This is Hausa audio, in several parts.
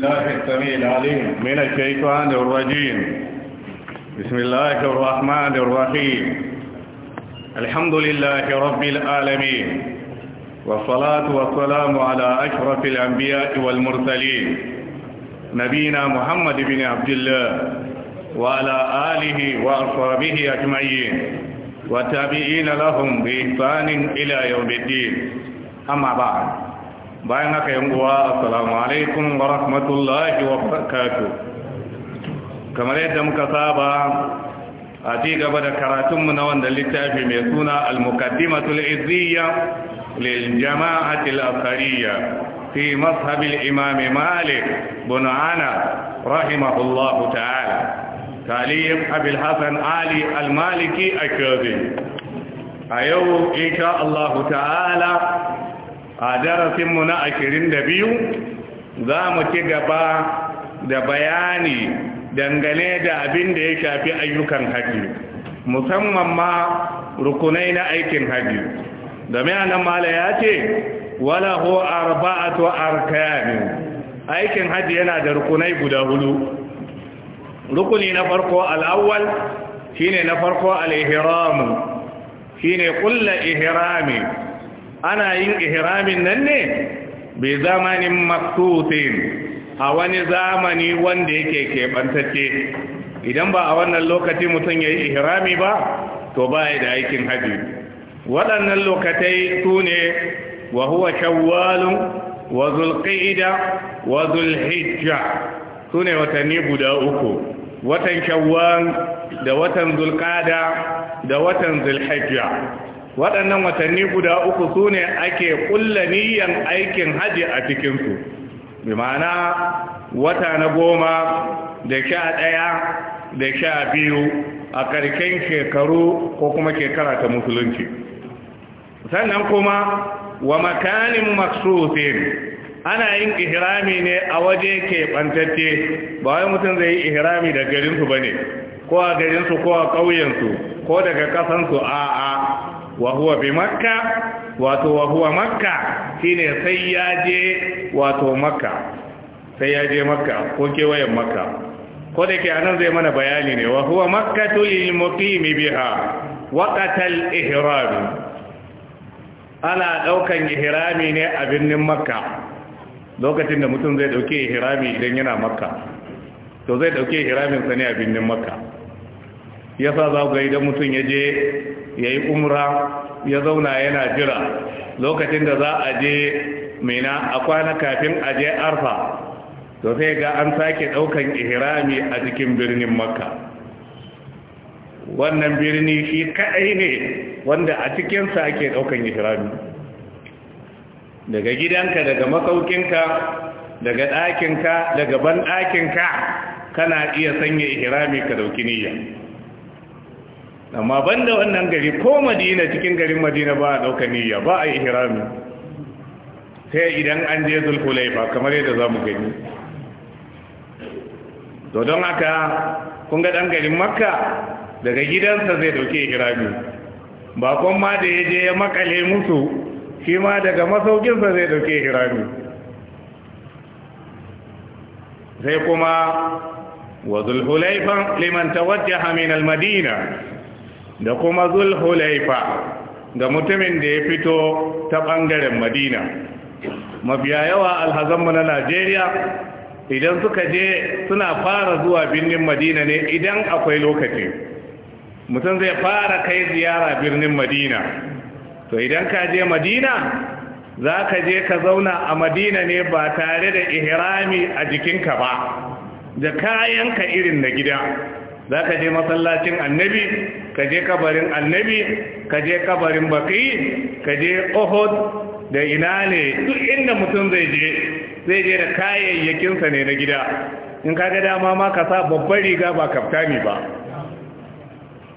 الله السميع العليم من الشيطان الرجيم بسم الله الرحمن الرحيم الحمد لله رب العالمين والصلاة والسلام على أشرف الأنبياء والمرسلين نبينا محمد بن عبد الله وعلى آله وأصحابه أجمعين وتابعين لهم بإحسان إلى يوم الدين أما بعد bayan haka yan uwa assalamu alaikum wa rahmatullahi wa barakatuh kamar yadda muka saba a ci gaba da karatunmu na wanda littafi mai suna al-muqaddimatul izziya lil jama'atil asariya fi mazhabil imam malik bin anas rahimahullahu ta'ala talib abul hasan ali al-maliki akabi a yau insha Allah ta'ala a darasinmu na ashirin da biyu za mu ci gaba da bayani dangane da abin da ya shafi ayyukan haji musamman ma rukunai na aikin haji domin anan mala ya ce wala ho arba'atu arkani aikin haji yana da rukunai guda hudu rukuni na farko al'awwal shine na farko al shine kullu ihrami ana yin ihramin nan ne bi zamanin maksusin a wani zamani wanda yake keɓantacce idan ba a wannan lokaci mutum ya yi ihrami ba to ba ya da aikin haji waɗannan lokatai su ne wa huwa shawwalun wa zulqa'ida wa zulhijja su ne watanni guda uku watan shawwal da watan zulqada da watan zulhijja waɗannan watanni guda uku su ne ake ƙulla aikin haji a cikinsu bi ma'ana wata na goma da sha ɗaya da sha biyu a ƙarƙen shekaru ko kuma shekara ta musulunci sannan kuma wa makanin maksusin ana yin ihrami ne a waje ke ɓantacce ba wai mutum zai yi ihirami da garinsu ba ne ko a garinsu ko a ƙauyensu ko daga ƙasansu a'a wa huwa bi makka wato wa huwa makka shine sai ya je wato makka sai ya je makka ko kewayen makka ko da ke anan zai mana bayani ne wa huwa makkatu lil muqimi biha waqatal ihrami ana daukan ihrami ne a birnin makka lokacin da mutum zai dauke ihrami idan yana makka to zai dauke ihramin sa ne a birnin makka yasa za ku ga idan mutum ya je ya yi umra ya zauna yana jira lokacin da za a je mina a kwana kafin a je arfa to sai ga an sake ɗaukan ihrami a cikin birnin makka wannan birni shi kaɗai ne wanda a cikinsa ake ɗaukan ihrami daga gidanka daga makaukinka daga ɗakinka daga banɗakinka kana iya sanya ihrami ka dauki niyya amma banda wannan gari ko madina cikin garin madina ba a ɗauka niyya ba a yi hirami sai idan an je zulhulaifa kamar yadda za mu gani to don haka kun ga ɗan garin makka daga gidansa zai ɗauke hirami bakon ma da ya je ya makale musu shi ma daga masaukinsa zai ɗauke hirami sai kuma wa zulhulaifan liman tawajjaha min al-madina da kuma zulhulaifa ga mutumin da ya fito ta ɓangaren madina mafiya yawa alhazanmu na najeriya idan suka je suna fara zuwa birnin madina ne idan akwai lokaci mutum zai fara kai ziyara birnin madina to idan ka je madina za ka je ka zauna a madina ne ba tare da ihrami a jikinka ba da kayanka irin na gida za ka je masallacin annabi ka je kabarin annabi ka je kabarin baki ka je da ina ne duk inda mutum zai je zai je da kayayyakinsa ne na gida in ka ga dama ma ka sa babbar riga ba kaftani ba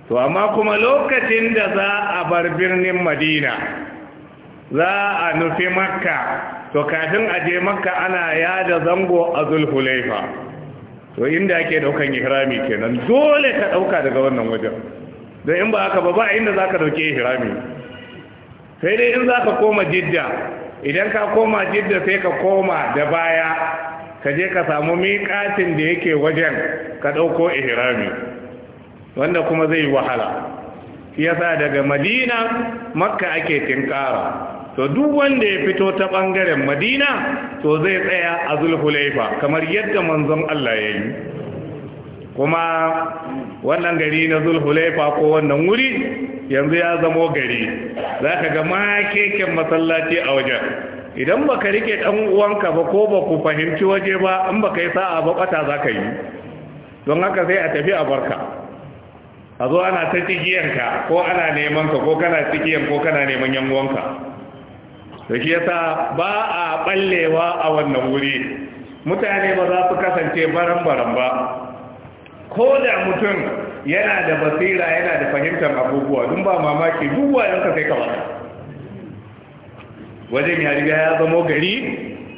to amma kuma lokacin da za a bar birnin madina za a nufi makka to kafin a je makka ana yada zango a zulhulaifa to inda ake daukan ihrami kenan dole ka dauka daga wannan wajen da in ba haka ba ba inda za ka dauke ihrami sai dai in zaka ka koma jidda idan ka koma jidda sai ka koma da baya ka je ka samu miƙatin da yake wajen ka ɗauko ihrami wanda kuma zai wahala yasa daga madina makka ake tinkara to duk wanda ya fito ta ɓangaren madina to zai tsaya a zulhulaifa kamar yadda manzon Allah ya yi kuma wannan gari na zulhulaifa ko wannan wuri yanzu ya zamo gari za ka ga makeken masallaci a wajen idan ba ka rike ɗan uwanka ba ko ba ku fahimci waje ba in ba ka yi sa'a ba ɓata za ka yi don haka sai a tafi a barka a zo ana ta cikiyanka ko ana nemanka ko kana cikiyan ko kana neman yan uwanka da shi yasa ba a ɓallewa a wannan wuri mutane ba za su kasance baran-baran ba ko da mutum yana da basira yana da fahimtar abubuwa dun ba mamaki duk ka sai ka wata wajen ya riga ya zamo gari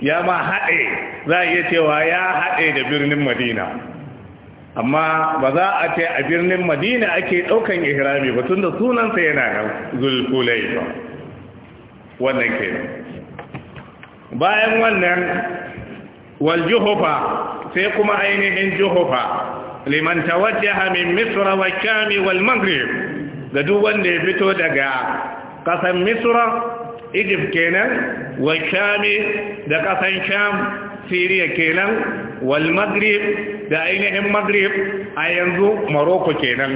ya ma haɗe za a iya cewa ya haɗe da birnin madina amma ba za a ce a birnin madina ake ɗaukan ihrami ba tun da sunansa yana nan zulkulai ba wannan ke bayan wannan waljuhufa sai kuma ainihin juhufa liman tawajjaha min misra wa shami wal maghrib ga duk wanda ya fito daga kasan misra egypt kenan wa shami da kasan sham syria kenan wal maghrib da ainihin maghrib a yanzu morocco kenan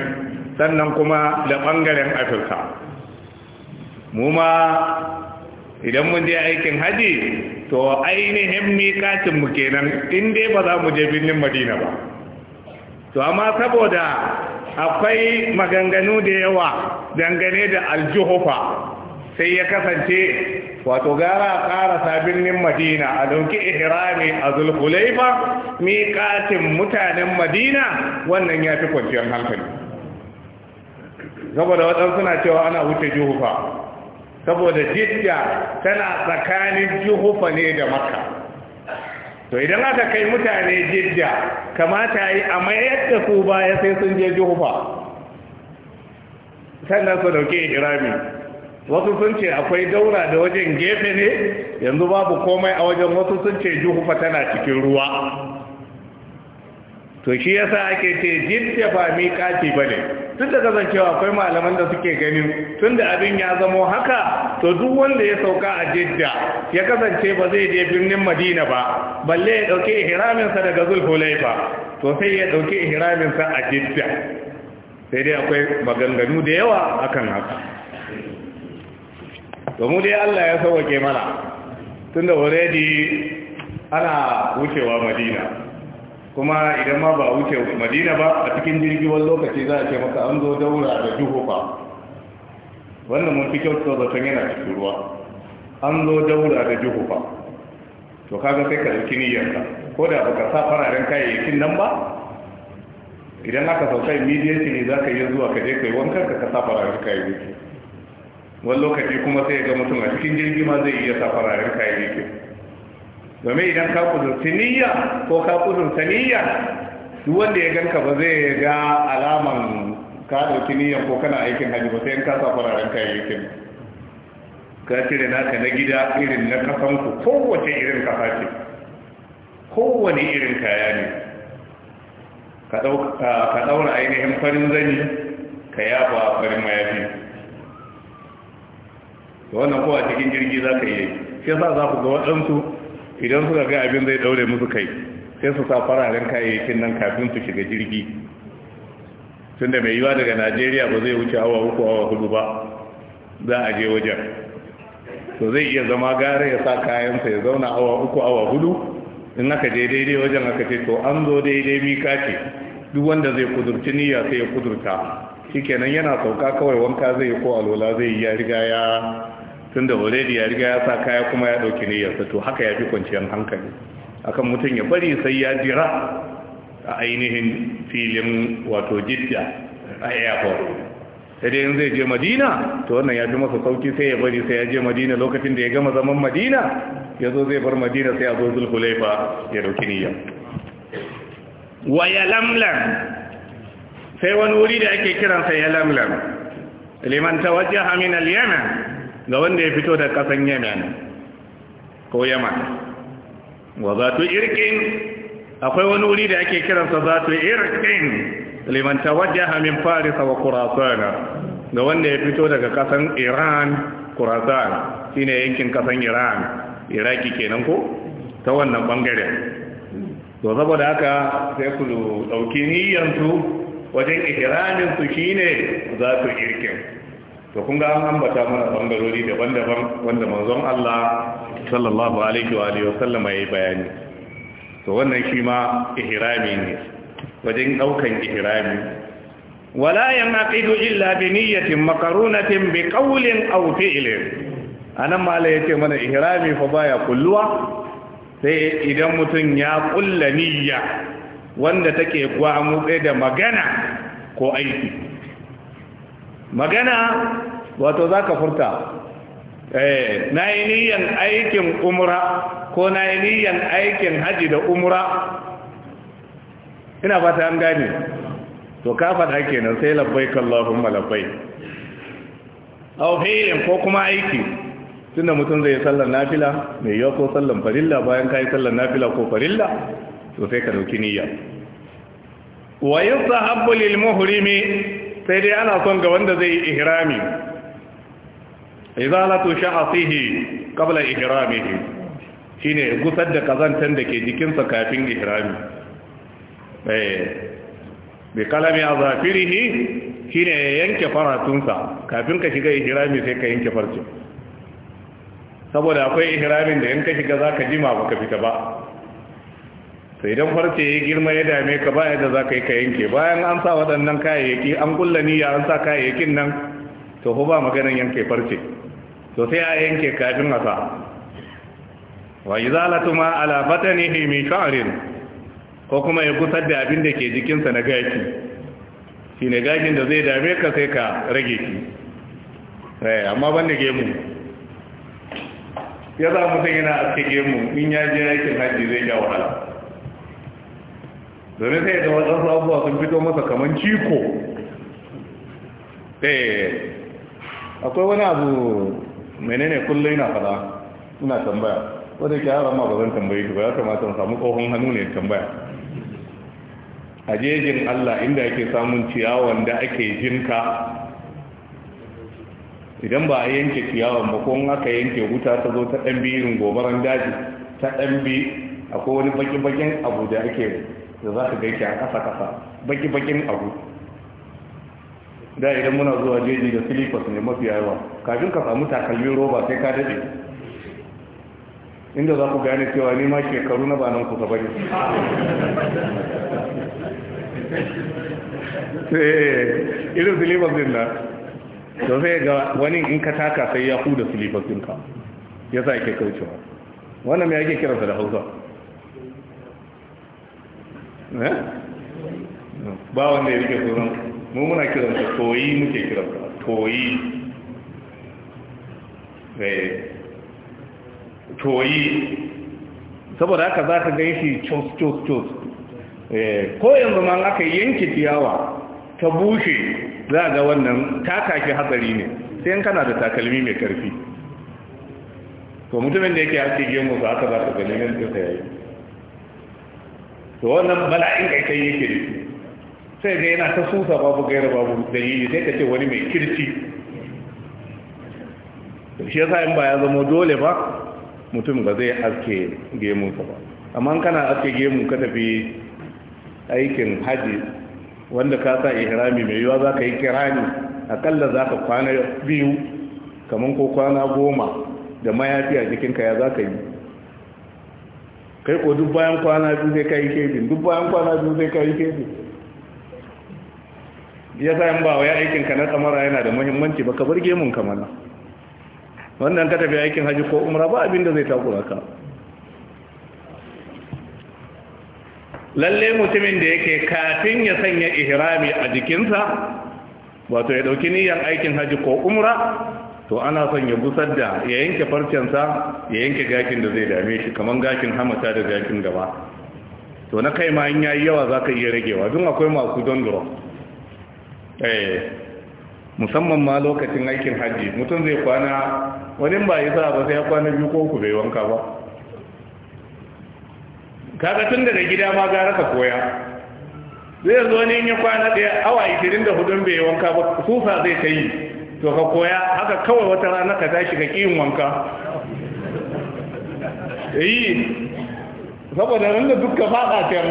sannan kuma da bangaren afirka mu ma idan mun je aikin haji to ainihin mikatin mu kenan in dai ba za mu je birnin madina ba to amma saboda akwai maganganu da yawa dangane da aljuhufa sai ya kasance wato gara karasa birnin madina a dauki ihrami a zulhulaifa miƙatin mutanen madina wannan ya fi kwanciyar hankali saboda waɗansu suna cewa ana wuce juhufa saboda jidda tana tsakanin juhufa ne da makka to idan aka kai mutane jidda kamata yi a mayar da su baya sai sun je juhufa sannan su dauke irami wasu sun ce akwai daura da wajen gefe ne yanzu babu komai a wajen wasu sun ce juhufa tana cikin ruwa to shi yasa ake ce jidda ba ne. bane duk da kasancewa akwai malaman da suke ganin tunda abin ya zamo haka to duk wanda ya sauka a jidda ya kasance ba zai je birnin madina ba balle ya dauke ihraminsa daga ba to sai ya dauke ihraminsa a jidda sai dai akwai maganganu da yawa akan haka mu dai Allah ya sauwake mana tunda already ana wucewa madina kuma idan ma ba a wuce madina ba a cikin jirgiwar lokaci za a ce maka an zo daura da juhufa wannan mun fi kyautar zaton yana cikin ruwa an zo daura da juhufa to kaga sai ka dauki niyyarka ko da baka sa fararen kayayyakin nan ba idan aka sauka immediately ne za ka yi zuwa ka je kai wankan ka sa fararen kayayyaki wani lokaci kuma sai ga mutum a cikin jirgi ma zai iya sa fararen kayayyaki domin idan ka kuzurci niyya ko ka kudurta niyya duk wanda ya ganka ba zai ga alaman ka dauki niyya ko kana aikin hajji ba sai in ka sa fararen kayayyakin ka cire naka na gida irin na kasan ku kowace irin kasa ce kowane irin kaya ne ka daura ainihin farin zani ka yaba farin mayafi wannan kowa cikin jirgi za ka yi shi yasa za ku ga waɗansu idan suka ga abin zai daure musu kai sai su sa fararen kayayyakin nan kafin su shiga jirgi tunda mai yiwa daga najeriya ba zai wuce awa uku awa hudu ba za a je wajen to zai iya zama gare ya sa kayansa ya zauna awa uku awa hudu in aka je daidai wajen aka ce to an zo daidai mika ce duk wanda zai kudurci niyya sai ya kudurta shikenan yana sauka kawai wanka zai yi ko alola zai yi ya riga ya tun da already ya riga ya sa kaya kuma ya ɗauki niyyarsa to haka ya fi kwanciyar hankali akan mutum ya bari sai ya jira a ainihin filin wato jidda a airport sai dai yin zai je madina to wannan ya fi masa sauki sai ya bari sai ya je madina lokacin da ya gama zaman madina ya zo zai bar madina sai ya zo zulhulaifa ya ɗauki niyyar wa ya lamlam sai wani wuri da ake kiransa lamlam liman tawajjaha min al-yaman ga wanda ya fito da kasan yemen ko yaman wa za tu irkin akwai wani wuri da ake kiransa za tu irkin liman tawajjaha min faris wa qurasana ga wanda ya fito daga kasan iran khurasan shine yankin kasan iran iraki kenan ko ta wannan bangare to saboda haka sai ku dauki niyyansu wajen ihramin su shine zatu irkin to kun ga an ambata mana bangarori daban-daban wanda manzon Allah sallallahu alaihi wa alihi wasallam yayi bayani to wannan shi ma ihrami ne wajen daukan ihrami wala yanaqidu illa bi niyyatin maqarunatin bi qawlin aw fi'lin anan mala yace mana ihrami fa baya kulluwa sai idan mutum ya kulla niyya wanda take gwa da magana ko aiki magana wato za ka furta eh, na yi niyan aikin umura ko na yi niyan aikin haji da umura? ina fata an gane to kafin faɗa kenan sai labbai kallahumma labbai au ko kuma aiki tunda mutum zai sallar nafila mai yau ko sallar farilla bayan ka yi sallar nafila ko farilla to sai ka dauki niyya wa yusahabbu lil muhrimi sai dai ana son ga wanda zai ihrami izalatu sha'asihi qabla ihramihi shine gusar da kazantan da ke jikinsa kafin ihrami eh bi kalami azafirihi shine yanke faratunsa kafin ka shiga ihrami sai ka yanke farce saboda akwai ihramin da in shiga zaka jima baka fita ba sai don farce ya girma ya dame ka ba yadda za ka yi ka yanke bayan an sa waɗannan kayayyaki an kulla niyya an sa kayayyakin nan to ko ba maganan yanke farce to sai a yanke kafin a sa wa izalatu ma ala batanihi min sha'rin ko kuma ya gusar da abin da ke jikinsa na gaki shi ne gakin da zai dame ka sai ka rage shi eh, amma ban da gemu ya za mutum yana aske gemu in ya je aikin hajji zai ga wahala domin sai da wasu abubuwa sun fito masa kamar ciko ɗaya eh, akwai wani abu menene kullum na fada suna tambaya wadda ke hara ma ba zan tambayi. ba ya kamata mu samu ƙohon hannu ne tambaya a jejin Allah inda ake samun ciyawan da ake jinka idan ba a yanke ciyawan ba ko aka yanke wuta ta zo ta ɗan birin gobaran daji ta ɗan bi akwai wani bakin-bakin abu da ake da za ka gaishe a kasa-kasa baki-bakin abu da idan muna zuwa jeji da silipas ne mafi yawa kafin ka samu takalmin roba sai ka daɗe inda za ku gane cewa nima shekaru na banan kusa ne. Eh, irin silipas din na da zai ga wani in ka taka sai ya huda din ɗinka ya sa ake kaucewa wannan ya ake kiransa da hausa Eh? ba wanda ya rike sunan mu muna kiransa toyi muke kiransa koyi toyi eh. saboda haka za ka gan shi cos cos cos eh. ko yanzu ma aka yanke ciyawa ta bushe za ga wannan takashi hatsari ne sai in kana da takalmi mai karfi to mutumin da yake haske gemu za ka za ka gani nan ta yayi to wannan bala'in kai kai yake da sai ga yana ta susa babu gaira babu dalili sai ka ce wani mai kirci to shi yasa in ba ya zama dole ba mutum ba zai aske ka ba amma kana aske gemu ka tafi aikin haji wanda ka sa ihrami mai yiwa za ka yi kirani akalla za ka kwana biyu kamar ko kwana goma da mayafi a jikinka ya za ka yi kai ko duk bayan kwana biyu sai kai kebin duk bayan kwana biyu sai kai kebin ya sa in ba ya aikin ka na tsamara yana da muhimmanci ba ka bar gemun ka mana wannan ka tafi aikin haji ko umra ba abin da zai takura ka lalle mutumin da yake kafin ya sanya ihrami a jikinsa wato ya dauki niyyar aikin haji ko umra to ana son ya busar da ya yanke farcensa ya yanke gakin da zai dame shi kamar gakin hamata da gakin gaba to na kai ma in yayi yawa za ka iya ragewa don akwai masu dondoro eh, musamman ma lokacin aikin hajji mutum zai kwana wani ba ya sa ba sai ya kwana biyu ko ku bai wanka ba kaga tun daga gida ma gara ka koya zai zo ne ya kwana daya awa 24 bai wanka ba sufa zai ta yi to ka koya haka kawai wata rana ka tashi ka ƙi wanka yi saboda ranar duka dukka faɗa can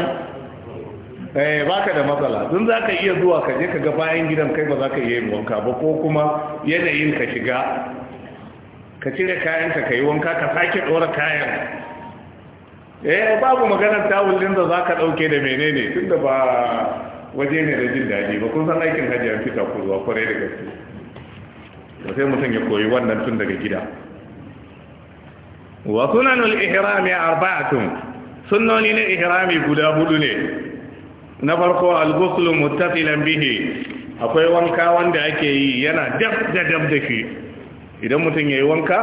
eh baka da matsala tun za ka iya zuwa ka je ka ga bayan gidan kai ba za ka iya yin wanka ba ko kuma yanayin ka shiga ka cire kayan ka yi wanka ka sake ɗora kayan eh babu maganar tawulin da za ka ɗauke da menene Tun da ba waje ne da jin daɗi ba kun san aikin hajji an fita kurwa kwarai da gaske da sai mutum ya koyi wannan tun daga gida wa sunanul ihrami arba'atun sunnoni na ihrami guda hudu ne na farko al-ghuslu muttasilan bihi akwai wanka wanda ake yi yana dab da dab da shi idan mutum yayi wanka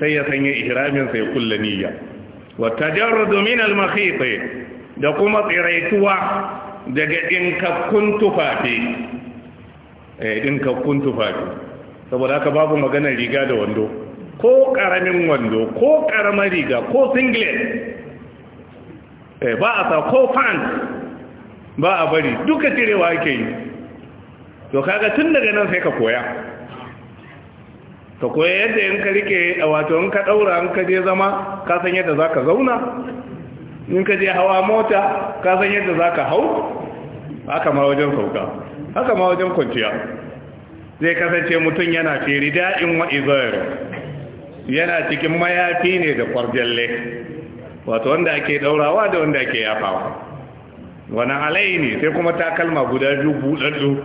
sai ya sanya ihramin sai kulla niyya wa tajarrudu min al-makhit da kuma tsiraituwa daga dinkakkun tufafi eh dinkakkun tufafi saboda haka babu maganar riga da wando ko karamin wando ko karamar riga ko singlet eh, ba a sa ko fan ba a bari duka cirewa ake yi to kaga tun daga nan sai ka koya ka koya yadda in ka rike wato in ka daura in ka je zama ka san yadda za ka zauna in ka je hawa mota ka san yadda za ka hau haka ma wajen sauka haka ma wajen kwanciya zai kasance mutum yana firi da'in wa yana cikin mayafi ne da kwarjalle wato wanda ake daurawa da wanda ake yafawa wani alai ne sai kuma takalma guda biyu buɗaɗɗu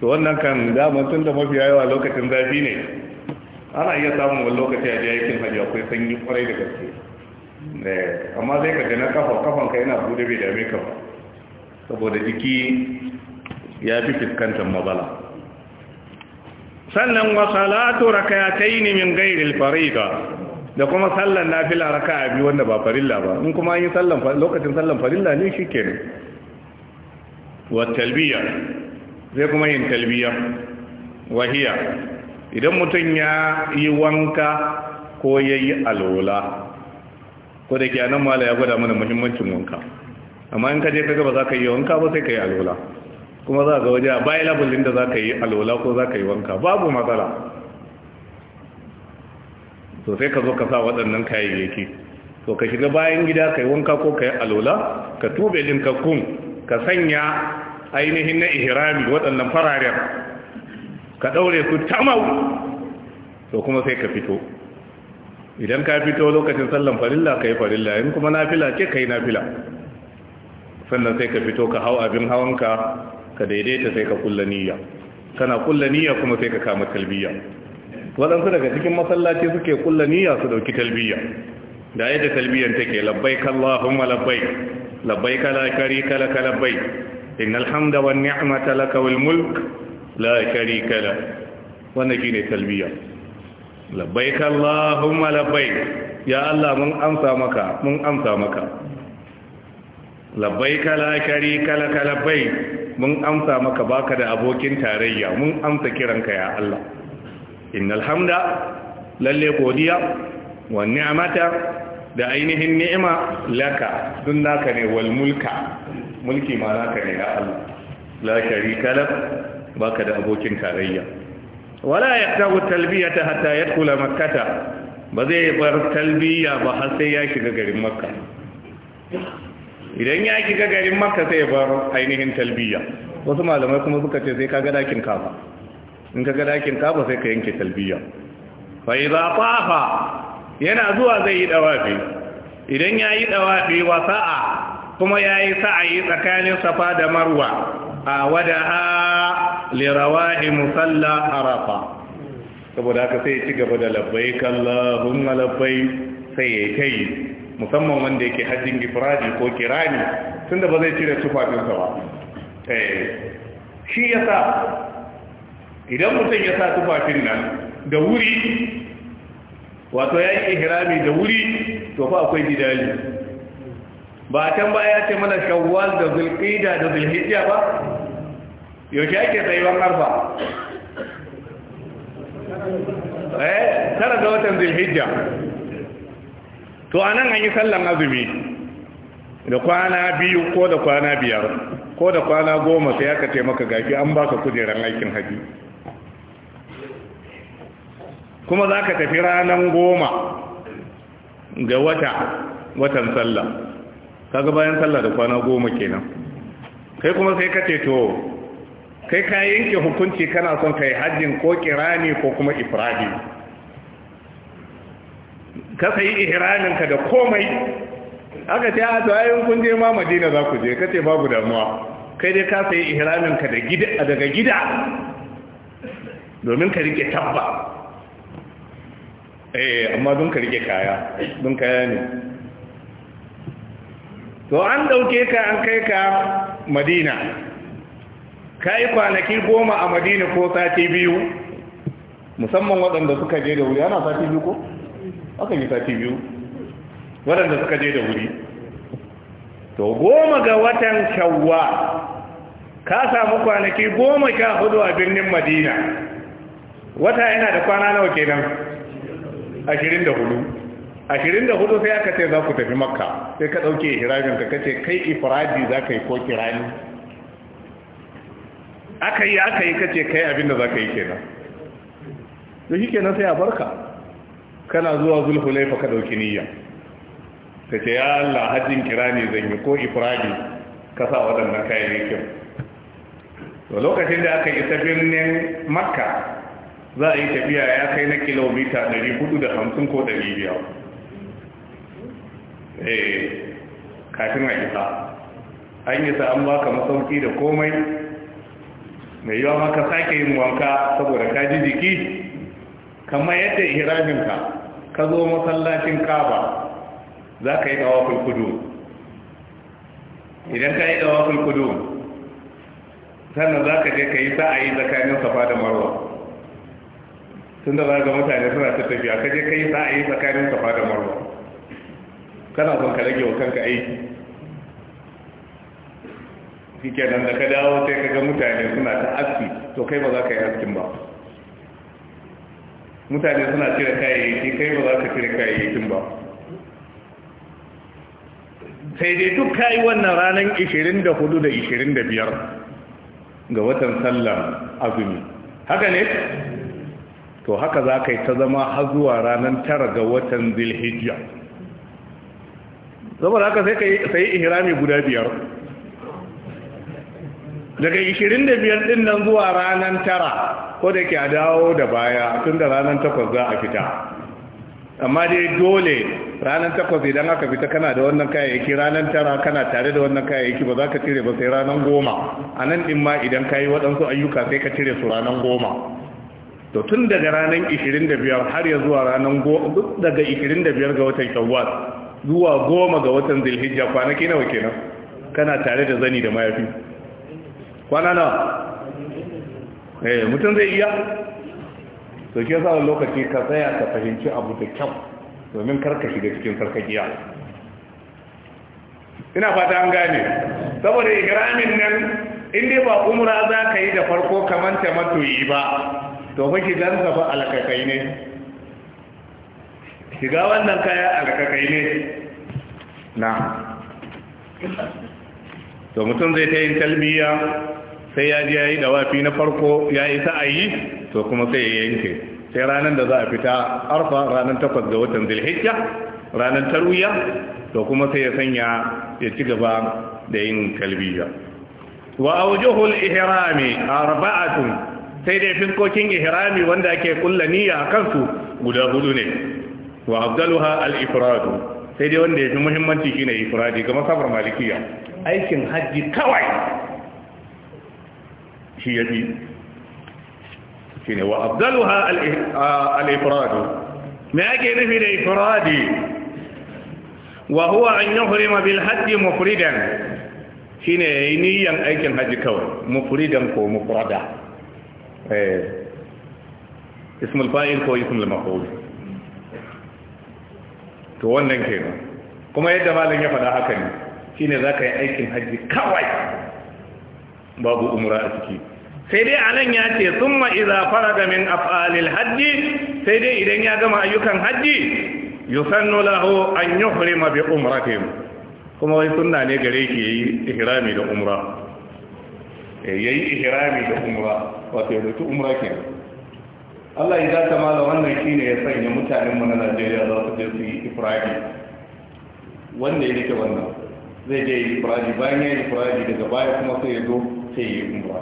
to wannan kan damar tun da mafi yawa lokacin zafi ne ana iya samun wani lokaci a jayakin hajji akwai sanyi kwarai da gaske eh, amma zai ka na kafa kafan ka yana buɗe bai dame ka ba saboda jiki ya fi fiskantar matsala sannan wa salatu rak'atayn min ghairi al-fariida da kuma sallan nafila raka'a biyu wanda ba farilla ba in kuma yin sallan lokacin sallan farilla ne shikenan wa talbiya zai kuma yin talbiya wahiya idan mutum ya yi wanka ko ya yi alwala ko da ke anan mala ya gwada mana muhimmancin wanka amma in ka je ka gaba za ka yi wanka ba sai ka yi alwala kuma za ga waje a bayi labulin da za ka yi alwala ko za ka yi wanka babu matsala to sai ka zo ka sa waɗannan kayayyaki to ka shiga bayan gida ka yi wanka ko ka yi alwala ka tube linkakkun ka sanya ainihin na ihrami waɗannan fararen ka ɗaure su tamau to kuma sai ka fito idan ka fito lokacin sallan farilla ka yi farilla in kuma nafila ce ka yi nafila sannan sai ka fito ka hau abin hawanka ka daidaita sai ka kulla niyya kana kulla niyya kuma sai ka kama talbiya waɗansu daga cikin masallaci suke kulla niyya su ɗauki talbiya da yadda talbiyyar take labbaik Allahumma labbaik labbaik la sharika lak labbaik innal hamda wan ni'mata lak wal mulk la sharika kala. wannan shine talbiya labbaik Allahumma labbaik ya Allah mun amsa maka mun amsa maka labbai kala kari kala kala bai mun amsa maka baka da abokin tarayya mun amsa kiranka ya Allah innal hamda lalle godiya wa ni'mata da ainihin ni'ima laka dun naka ne wal mulka mulki ma naka ne ya Allah la sharika lak baka da abokin tarayya wala yaqtahu talbiyata hatta yadkhula makkata ba zai bar talbiya ba har sai ya shiga garin makka idan ya ki garin makka sai ya bar ainihin talbiya wasu malamai kuma suka ce sai ka ga dakin kafa. in ka ga dakin kafa, sai ka yanke talbiya fa idza tafa yana zuwa zai yi dawafi idan ya yi dawafi wa sa'a kuma ya yi sa'ayi tsakanin safa da marwa a wada wada'a lirawahi musalla arafa saboda haka sai ya ci gaba da labbaik allahumma labbaik sai ya kai musamman wanda yake hajjin ifradi ko kirani tunda ba zai cire tufafinsa ba eh, shi ya sa idan mutum ya sa tufafin nan da wuri wato ya yi ihrami da wuri to fa akwai jidali ba can ba ya ce mana shawwal da zulqida da zulhijja ba yaushe ake tsayuwar arfa eh tara da watan zulhijja to a nan an yi sallan azumi da kwana biyu ko da kwana biyar ko da kwana goma sai aka ce maka gafi an baka kujerar aikin haji kuma za ka tafi ranar goma ga wata watan sallah kaga bayan sallah da kwana goma kenan kai kuma sai ka ce to kai ka yanke hukunci kana son kai hajjin ko kirani ko kuma ifradi ka sayi ihraminka da komai aka ce a to ayin kun je ma madina za ku je kace babu damuwa kai dai ka sayi ihraminka da gida daga gida domin ka rike tabba eh amma don ka rike kaya don kaya ne to an dauke ka an kai ka madina ka yi kwanaki goma a madina ko sati biyu musamman waɗanda suka je da wuri ana sati biyu ko? aka yi sati biyu waɗanda suka je da wuri to goma ga watan shawwa ka samu kwanaki goma sha hudu a birnin madina wata yana da kwana nawa kenan ashirin da hudu ashirin da hudu sai aka ce za ku tafi makka sai ka ɗauke hirajin ka kace kai ifiradi za ka yi ko kirani aka yi aka yi kace kai abinda za ka yi kenan da shi kenan sai a barka kana zuwa zulhulaifa ka dauki niyya ta ce ya Allah hajjin kirani zan yi ko ifradi ka sa waɗannan kayayyakin to lokacin da aka isa birnin makka za a yi tafiya ya kai na kilomita 450 ko 500 eh kafin a isa an yi an baka masauki da komai mai yawa maka sake yin wanka saboda ka ji jiki Kama yadda ka. ka zo masallacin kaba za ka yi ɗawafin kudu idan ka yi ɗawafin kudu sannan za ka je ka yi sa'ayi tsakanin safa da marwa tun da za ga mutane suna ta tafiya ka je ka yi sa'ayi tsakanin safa da marwa kana son ka rage wa kanka aiki shi kenan da ka dawo sai ka ga mutane suna ta aski to kai ba za ka yi askin ba mutane suna cire kayayyaki kai ba za ka cire kayayyakin ba sai dai duk kayi wannan ranar 24 da 25 ga watan sallar azumi haka ne to haka za ka yi ta zama har zuwa ranar tara ga watan zilhijja saboda haka sai ka sai ihrami guda biyar daga 25 din nan zuwa ranar tara ko da ke a dawo da baya tun da ranar takwas za a fita amma dai dole ranar takwas idan aka fita kana da wannan kayayyaki ranar tara kana tare da wannan kayayyaki ba za ka cire ba sai ranar goma a nan din ma idan ka yi waɗansu ayyuka sai ka cire su ranar goma to tun daga ranar 25 har ya zuwa ranar goma. daga 25 ga watan shawwal zuwa goma ga watan zilhijja kwanaki nawa kenan kana tare da zani da mayafi kwana nawa eh mutum zai iya to ke sa lokaci ka tsaya ka fahimci abu da kyau domin karka shiga cikin sarkakiya ina fata an gane saboda igramin nan in dai ba umra za ka yi da farko kamar matoyi ba to fa dan ba alkakai ne shiga wannan kaya alkakai ne na to mutum zai ta yin talbiya sai ya ji ya yi dawafi na farko ya yi to kuma sai ya yanke sai ranar da za a fita arfa ranar takwas ga watan zilhijja ranar tarwiya to kuma sai ya sanya ya ci gaba da yin kalbija. wa aujuhul ihrami arba'atun sai dai fiskokin ihrami wanda ake kulla niyya kansu guda hudu ne wa afdaluha al-ifradu sai dai wanda yafi muhimmanci shine ifradi ga masabar malikiya aikin haji kawai shi yaji shine wa afdaluha ah, al-ifrad me yake nufi da ifradi wa huwa an yi yuhrima bil hajj mufridan ya yi niyyan aikin haji kawai mufridan ko mufrada eh ismul fa'il ko ismul maf'ul to wannan kenan kuma yadda malam ya faɗa haka ne ne za ka yi aikin haji kawai babu umura a ciki sai dai anan ya ce summa idza faraga min af'alil hajji sai dai idan ya gama ayyukan hajji yusannu lahu an yuhrima bi umratihim kuma wai sunna ne gare ki yi ihrami da umra eh, yayi ihrami da umra wato ya dauki umra ke Allah ya zata mala wannan shine ya sanya mutanen mu na Najeriya za su je su yi ifradi wanda ya rike wannan zai je ifradi bayan ya yi ifradi daga baya kuma sai ya zo sai ya yi umra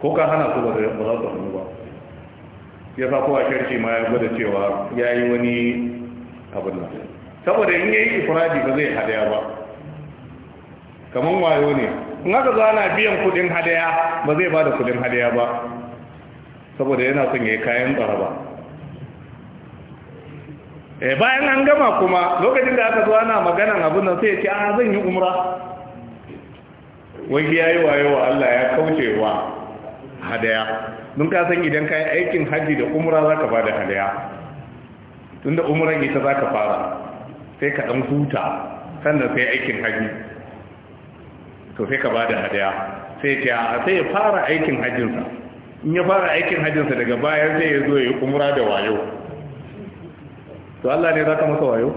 ko ka hana su ba za su hannu ba ya fa kowa shirki ma ya gwada cewa ya yi wani abin nan saboda in yayi ifradi ba zai hadaya ba kamar wayo ne in aka zo ana biyan kudin hadaya ba zai bada kudin hadaya ba saboda yana son yayi kayan ba eh bayan an gama kuma lokacin da aka zo ana maganan abin nan sai ya ce a ah, zan yi umra wai yayi wayo Allah ya kaucewa hadaya don ka san idan kai aikin haji da umra za ka ba da hadaya tunda umran ita zaka fara sai ka ɗan huta sannan sai aikin haji to sai ka ba da hadaya sai ta sai ya fara aikin sa in ya fara aikin sa daga baya sai ya zo ya yi umra da wayo to Allah ne zaka masa wayo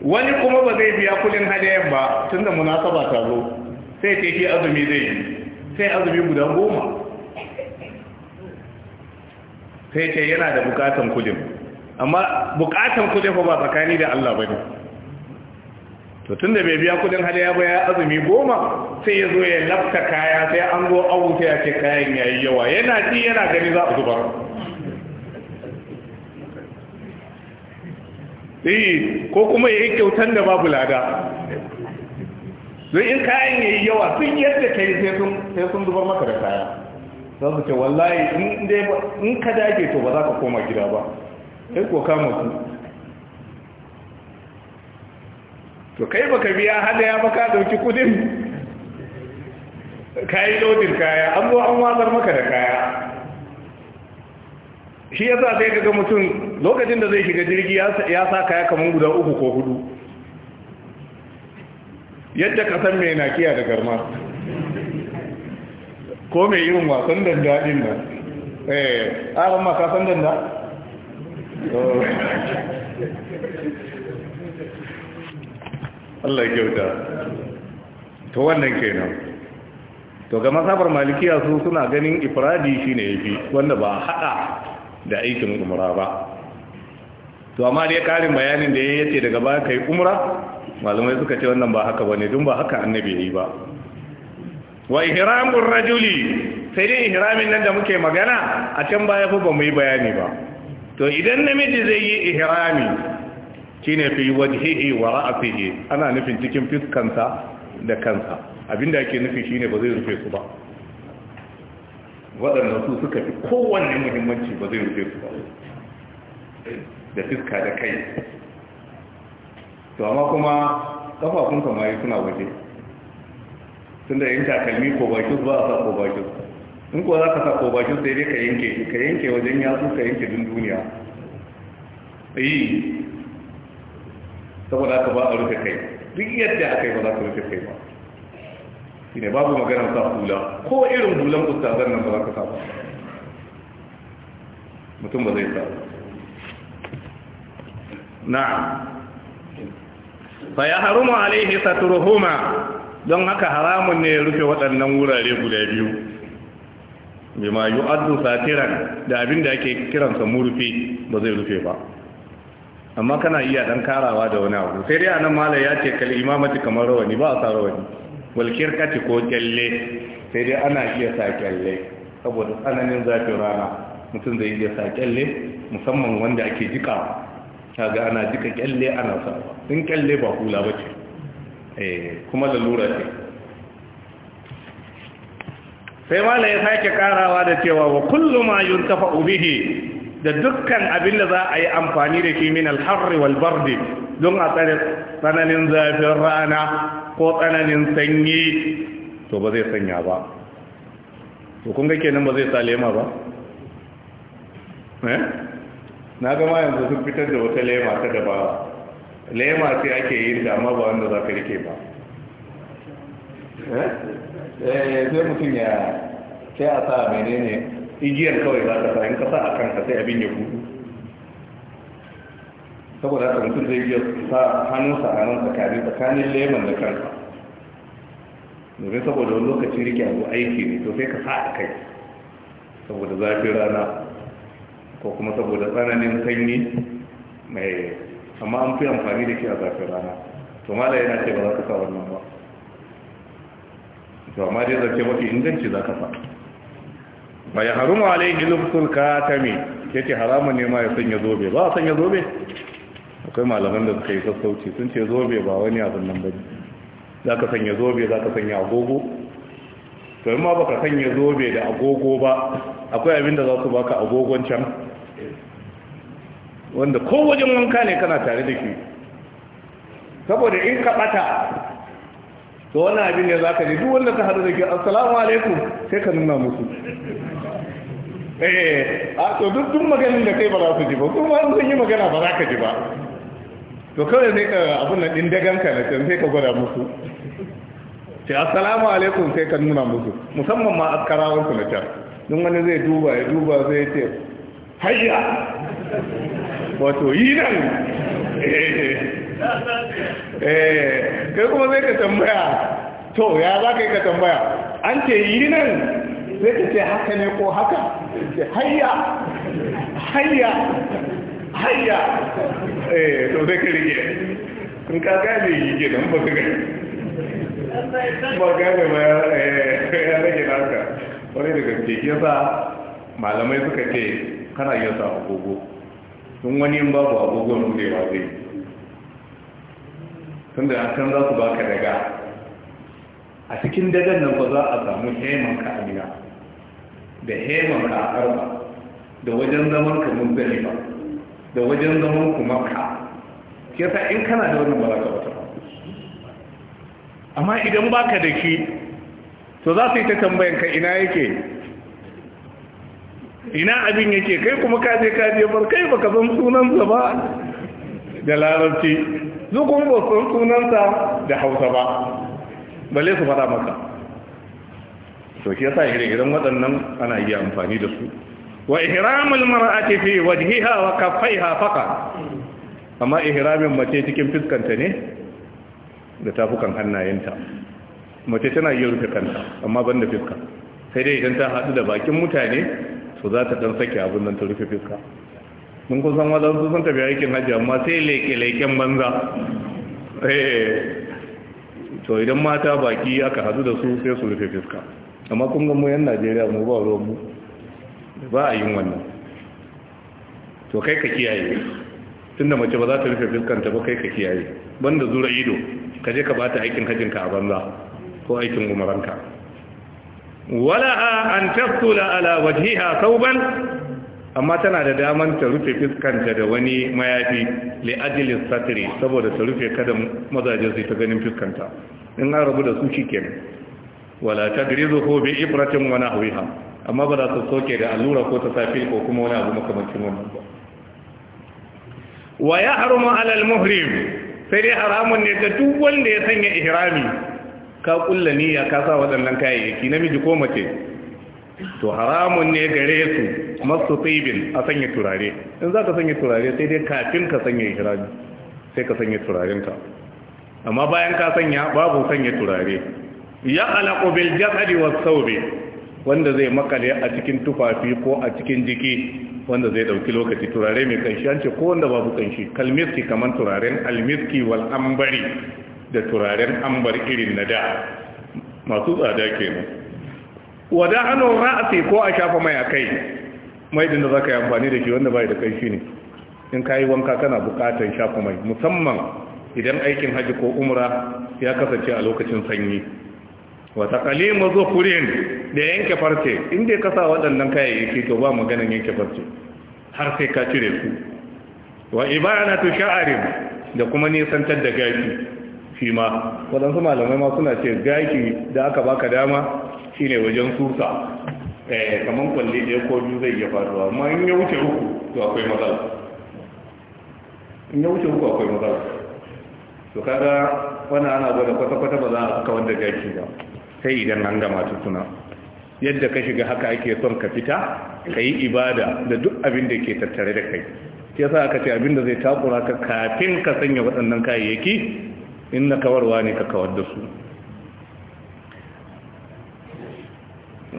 wani kuma ba zai biya kudin hadayen ba tun da munasaba ta zo sai ta azumi zai yi sai azumi guda goma sai ce yana da bukatan kudin amma bukatan kudin fa ba tsakani da Allah bane to tunda bai biya kudin hada ya baya azumi goma sai ya zo ya lafta kaya sai an go awu sai ya ce kayan yayi yawa yana ci yana gani za a zubar eh, ko kuma ya yi kyautan da babu lada don in kayan yayi yawa sun yadda kai sai sun sai sun zubar maka da kaya za su ce wallahi in dai in ka dage to ba za ka koma gida ba sai ko kama su to kai baka biya hada ya baka dauki kudin kayi lodin kaya an zo an wazar maka da kaya shi yasa sai ga mutum lokacin da zai shiga jirgi ya sa kaya kamar guda uku ko hudu yadda ka san mai na kiya da garma ko mai irin wasan danda din nan eh aran ma ka san danda Allah ya kyauta to wannan kenan to ga masabar malikiya su suna ganin ifradi shine yafi wanda ba hada da aikin umra ba to amma dai karin bayanin da yayin yace daga baya kai umra malamai suka ce wannan ba haka bane dun ba haka annabi yayi ba wa ihramur rajuli sai dai ihramin nan da muke magana a can baya fa ba mu yi bayani ba to idan namiji zai yi ihrami shine fi wajhihi wa ra'sihi ana nufin cikin fiskansa da kansa abinda ake nufi shine ba zai rufe su ba Waɗannan su suka fi kowanne muhimmanci ba zai rufe su ba da fiska da kai to amma kuma kafafun samari suna waje tun da yin takalmi ko bakin ba a sa ko bakin in ko za ka sa ko bakin sai dai ka yanke ka yanke wajen yatsu ka yanke din duniya yi saboda ka ba a rufe kai duk yadda aka yi ba za ka rufe kai ba shi ne babu maganar sa hula ko irin hulan ustazan nan ba za ka sa ba mutum ba zai sa na'am fa ya harumu alaihi saturuhuma don haka haramun ne ya rufe waɗannan wurare guda biyu bima yu'addu satiran da abin da ake kiransa murfi ba zai rufe ba amma kana iya dan karawa da wani abu sai dai anan malai ya ce kal imamati kamar rawani ba a sa rawani wal kirkati ko kyalle sai dai ana iya sa kyalle saboda tsananin zafin rana mutum zai iya sa kyalle musamman wanda ake jikawa kaga ana jika kyalle ana sa in kyalle ba hula ba ce eh, kuma lalura ce sai mala ya sake karawa da cewa wa kullum ma yuntafa bihi da dukkan abin da za a yi amfani da shi min alharri wal bardi don a tsare tsananin zafin rana ko tsananin sanyi to ba zai sanya ba to kun ga kenan ba zai sa lema ba eh na ma yanzu sun fitar da wata lema ta dabawa lema sai ake yin da amma ba wanda za ka rike ba eh? eh sai mutum ya sai a sa menene igiyar kawai za ka sa in ka sa a kanka sai abin ya gudu saboda haka mutum zai iya sa hannunsa a nan tsakanin tsakanin leman da kanka domin saboda wani lokacin rike abu aiki ne to sai ka sa a kai saboda zafin rana ko kuma saboda tsananin sanyi mai amma an fi amfani da shi a zafin rana to mala yana ce ba za ka sa wannan ba to amma dai zance mafi inganci za ka fa ba ya haru ma alaihi lufsul katami ce haramun ne ma ya sanya zobe ba a sanya zobe akwai malaman da suka yi sassauci sun ce zobe ba wani abin nan bane za ka sanya zobe za ka sanya agogo to in ma baka sanya zobe da agogo ba akwai abin da za su baka agogon can wanda ko wajen wanka ne kana tare da shi saboda in ka bata to wani abin ne za ka ji duk wanda ka hadu da ke assalamu alaikum sai ka nuna musu eh a to duk duk maganin da kai ba za su ji ba kuma an sun yi magana ba za ka ji ba to kawai sai ka abin na din dagan ka na can sai ka gwada musu sai assalamu alaikum sai ka nuna musu musamman ma askarawan su na can don wani zai duba ya duba zai ce hayya wato yi nan eh, eh, kai kuma zai ka tambaya to ya za ka yi ka tambaya an ce yi nan zai ka ce haka ne ko haka haya haya! Haya! eh to zai ka rige in ka gane yi nan ba ka gane ba gane ba eh, ya rage naka wani daga gaske yasa malamai suka ce kana yin sa agogo tun wani yin babu agogon rurewa zai tun da an za su baka daga a cikin dagan nan ba za a samu hemanka a mina da hemanka a arba da wajen zaman ka mun zane ba da wajen zaman ku maka sa in kana da wannan baraka wata amma idan baka da shi to za su yi ta tambayan ka ina yake ina abin yake kai kuma ka je ka je bar kai baka san sunansa ba da larabci su kuma ba san sa da hausa ba balle su fara maka to shi yasa ire-iren waɗannan ana iya amfani da su wa ihramul mar'ati fi wajhiha wa kaffaiha faqa amma ihramin mace cikin fiskanta ne da tafukan hannayenta mace tana iya rufe kanta amma banda fiska sai dai idan ta haɗu da bakin mutane to za ta dan sake abin nan ta rufe fiska mun kusan wadansu sun tafi aikin hajji amma sai leke-leken banza eh, to idan mata baki aka hadu da su sai su rufe fiska amma kun ga mu yan najeriya mu ba ruwan mu ba a yin wannan to kai ka kiyaye tunda mace ba za ta rufe fiskanta ba kai ka kiyaye banda zura ido ka je ka bata aikin hajjinka a banza ko aikin umaranka wala'a an tafsula ala wajhiha sauban amma tana da daman ta rufe fiskanta da wani mayafi li ajli satri saboda ta rufe kada mazaje su ta ganin fiskanta. in an rabu da su shikenan wala tadrizuhu bi ibratin wa nahwiha amma ba za ta soke da allura ko ta safi ko kuma wani abu makamancin wannan ba wa yahrumu ala al-muhrim sai dai haramun ne ga duk wanda ya sanya ihrami ka kulla niyya ka sa waɗannan kayayyaki namiji ko mace to haramun ne gare su masu tsibin a sanya turare in za ka sanya turare sai dai kafin ka sanya ihrami sai ka sanya turarenka amma bayan ka sanya babu sanya turare ya alaƙo bil jasadi wa saube wanda zai makale a cikin tufafi ko a cikin jiki wanda zai dauki lokaci turare mai kanshi an ce ko wanda babu kanshi kalmiski kamar turaren almiski wal ambari da turaren ambar irin na da masu tsada kenan wada hannun ra'asi ko a shafa mai a kai mai din da za ka yi amfani da shi wanda bai da kai ne in ka yi wanka kana bukatar shafa mai musamman idan aikin haji ko umra ya kasance a lokacin sanyi wata kalimu zuhurin da yanke farce inda ya kasa waɗannan kayayyaki to ba maganin yanke farce har sai ka cire su wa tu sha'arin da kuma nisantar da gashi shi ma waɗansu malamai ma suna ce gaki da aka baka dama shine wajen susa Kamar eh, kaman kwalle ɗaya ko biyu zai iya faruwa amma in ya wuce uku to akwai matsala in ya wuce uku akwai matsala to kaga wani ana gwada kwata-kwata ba za a kawar da gaki ba sai idan an gama tukuna yadda ka shiga haka ake son ka fita ka yi ibada da duk abin da ke tattare da kai ya sa aka ce abin da zai takura ka kafin ka sanya waɗannan kayayyaki in na kawarwa ne ka kawar da su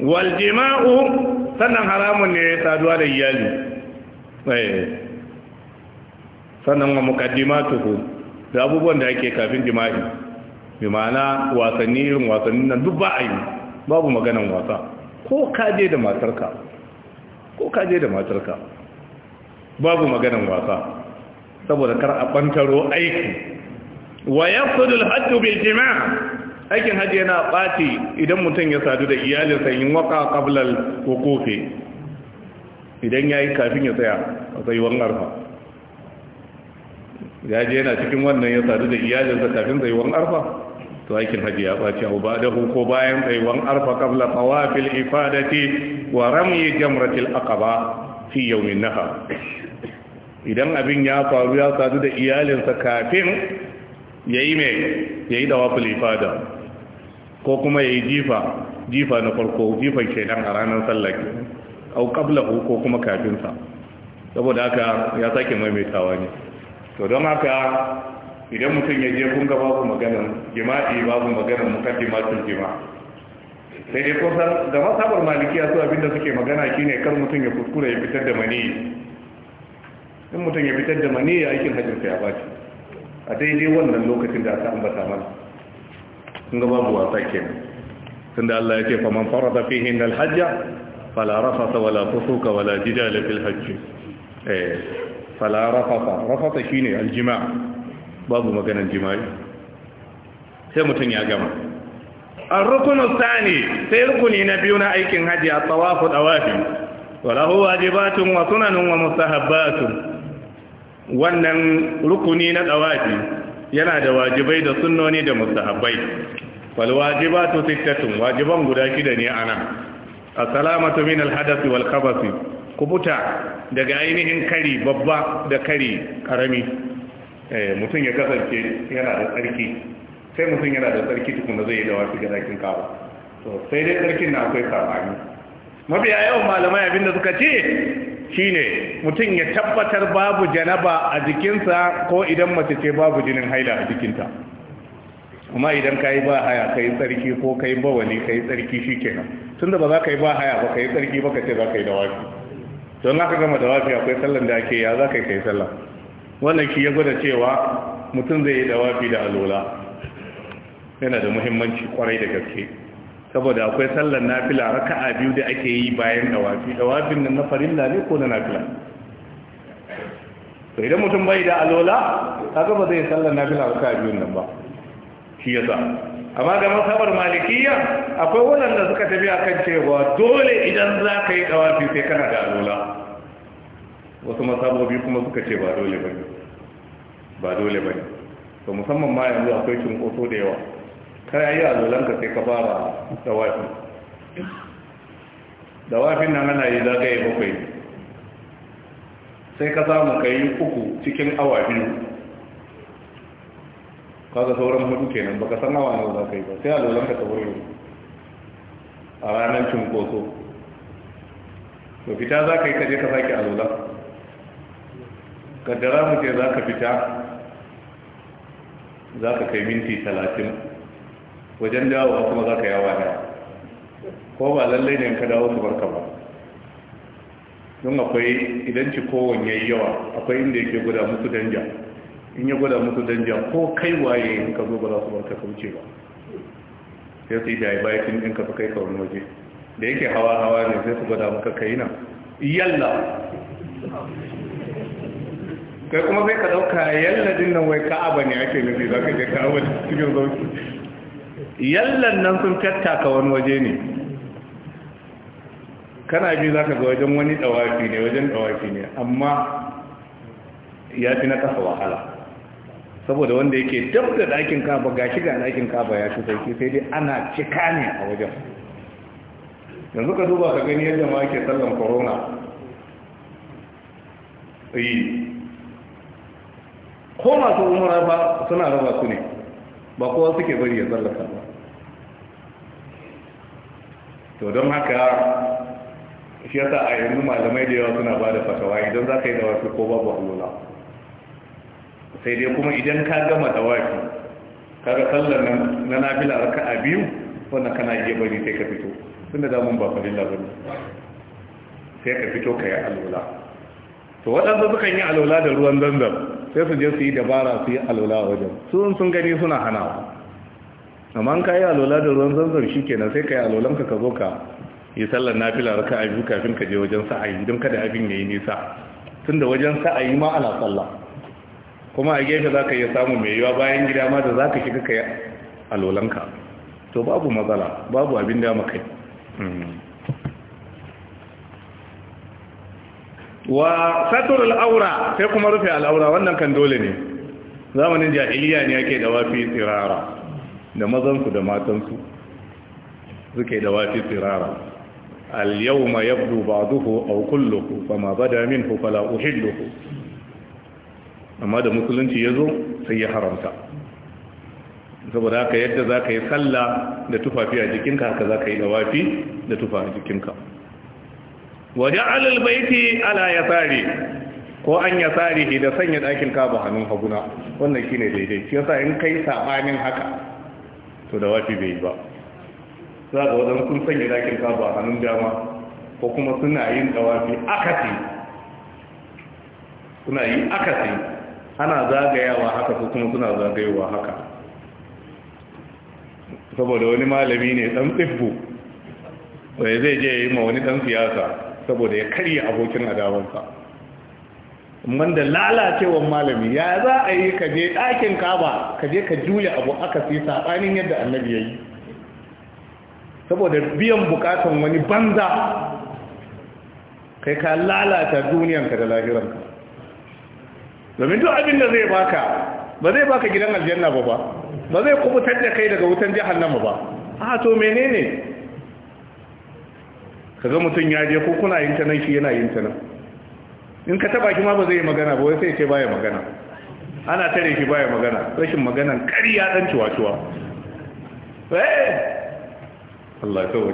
waljima'u sannan haramun ne saduwa da iyali eh. sannan wa tuhu da abubuwan da ake kafin jima'i bi ma'ana wasanni irin wasanni nan duk ba a yi babu maganan wasa ko kaje da matarka ko kaje da matarka babu maganan wasa saboda kar a bantaro aiki wa ya yafsudul hajju bil jima' aikin hajji yana ɓaci idan mutum ya sadu da iyalinsa yin waka ko wuqufi idan ya yi kafin ya tsaya a wani arfa ya je yana cikin wannan ya sadu da iyalinsa kafin wani arfa to aikin hajji ya ɓaci a ba da ko bayan tsayuwan arfa ƙablal tawafil ifadati wa ramye jamratil aqaba fi yawmin nahar idan abin ya faru ya sadu da iyalinsa kafin Ya ya me dawa dawaful da ko kuma yi jifa jifa na farko jifan nan a ranar sallah au qablahu ko kuma kafinsa sa saboda haka ya sake maimaitawa ne to don haka idan mutum ya je kunga babu maganar jima'i babu mukaddi masu jima'i sai dai ko da masabar ya su abinda suke magana shine kar mutum ya kuskura ya fitar da mani in mutum ya fitar da mani ya aikin hajjinsa ya bace a daidai wannan lokacin da aka ambata mana sun ga babu wasa kenan tunda Allah ya ce fa man farada fihi al hajja fala rafata wala fusuka wala jidala fil hajj eh fala rafata rafata shine al jima' babu maganan jima'i sai mutun ya gama الركن الثاني سيركني نبينا أيكن هدي الطواف الأوافي وله واجبات وسنن ومستحبات wannan rukuni na tsawaji yana da wajibai da sunnoni da mustahabbai wal wajibatu sittatun wajiban guda shida ne ana as-salamatu min al-hadath wal khabath kubuta daga ainihin kari babba da kari karami eh mutum ya kasance yana da tsarki sai mutum yana da tsarki tukuna zai yi da wasu ga dakin kawo to sai dai tsarkin na akwai sabani mabiya yawan malamai abinda suka ce shine mutum ya tabbatar babu janaba a jikinsa ko idan mace ce babu jinin haila a jikinta kuma idan ka yi ba haya ka yi tsarki ko ka yi bawali ka yi tsarki shi kenan tun da ba za ka yi ba haya ba ka yi tsarki ba ka ce za ka yi dawafi don haka gama dawafi akwai sallan da ake ya za ka yi ka yi sallan wannan shi ya gwada cewa mutum zai yi dawafi da alola yana da muhimmanci kwarai da gaske saboda akwai sallar nafila raka'a biyu da ake yi bayan dawafi dawafin nan na farilla ne ko na nafila to idan mutum bai da alola kaga ba zai sallar nafila raka'a biyu nan ba shi yasa amma ga masabar malikiyya akwai waɗanda suka tafi akan cewa dole idan za ka yi dawafi sai kana da alola wasu masabobi kuma suka ce ba dole ba ba dole ba to musamman ma yanzu akwai cunkoso da yawa ka yi ka sai ka fara dawafi dawafin nan ana yi zagaye bakwai sai ka samu ka yi uku cikin awa biyu kaga sauran hudu kenan baka san awa nawa za ka yi ba sai a alolanka ta wuri a ranar cunkoso to fita za ka yi kaje ka sake lola. ka mu ce za ka fita za ka kai minti talatin wajen dawowa kuma za ka yawa daya ko ba lallai ne ka dawo su barka ba don akwai idan ci kowanne yawa akwai inda yake guda musu danja in ya gwada musu danja ko kai waye in ka zo ba za su barka wuce ba sai su yi da bayakin in ka fi kai ka wani waje da yake hawa hawa ne sai su gwada maka kai nan yalla kai kuma sai ka ɗauka yalla din nan wai ka'aba ne ake nufi za ka je ka'aba cikin zauki yallan nan sun kattaka wani waje ne kana bi za ka ga wajen wani ɗawafi ne wajen ɗawafi ne amma ya fi na kasa wahala saboda wanda yake dab da ɗakin kaba ga shiga ɗakin kaba ya fi sauki sai dai ana cika ne a wajen yanzu ka duba ka gani yadda ma ke sallan corona yi ko masu umara ba suna raba su ne ba kowa suke bari ya tsallaka ba to don haka shi yasa a yanzu malamai da yawa suna ba da fatawa idan za ka yi dawaki ko babu alola? sai dai kuma idan ka gama dawaki kaga sallar na nafila raka a biyu wannan kana iya bari sai ka fito tun da damun ba Fadila ba ne sai ka fito ka yi alola. to waɗanda sukan yi alola da ruwan zanzam sai su je su yi dabara su yi alola wajen sun sun gani suna hanawa amma ka yi alola da ruwan zanzan shi kenan sai ka yi alolanka ka zo ka yi sallar nafila raka a biyu kafin ka je wajen sa'ayi don kada abin ya yi nisa tun da wajen sa'ayi ma ana tsalla kuma a gefe za ka iya samu mai yiwa bayan gida ma da za ka shiga ka yi alolanka to babu matsala babu abin da makai hmm. wa satur al'aura sai kuma rufe al'aura wannan kan dole ne zamanin jahiliya ne yake da wafi tsirara da mazansu da matansu suke da wafi tsirara al-yawma yabdu ba'duhu aw kulluhu ma bada minhu fala uhilluhu amma da musulunci yazo sai ya haramta saboda haka yadda zaka yi sallah da tufafi a jikinka haka zaka yi da wafi da tufa a jikinka waja'al al-bayti ala yasari ko an yasari da sanya dakin ba hannun haguna wannan shine daidai shi yasa in kai sabanin haka to da wafi bai yi ba za ga wajen sun sanya dakin kaba a hannun dama ko kuma suna yin dawafi akasi suna yi akasi ana zagayawa haka ko kuma suna zagayowa haka saboda wani malami ne dan tsibbu wai zai je yi ma wani dan siyasa saboda ya karya abokin adawansa Wanda da lalacewan malami ya za a yi ka je ɗakin kaba ka je ka juya abu aka fi saɓanin yadda annabi ya yi saboda biyan bukatan wani banza kai ka lalata duniyanka da lahiranka domin duk abin da zai baka ba zai baka gidan aljanna ba ba ba zai kubutar da kai daga wutan nama ba a to menene ga mutum ya je ko kuna yin tanan shi yana yin tanan in ka taba shi ma ba zai yi magana ba wai sai ce baya magana ana tare shi baya magana rashin magana kari ƙarya dan ciwa-ciwa eh! Allah ya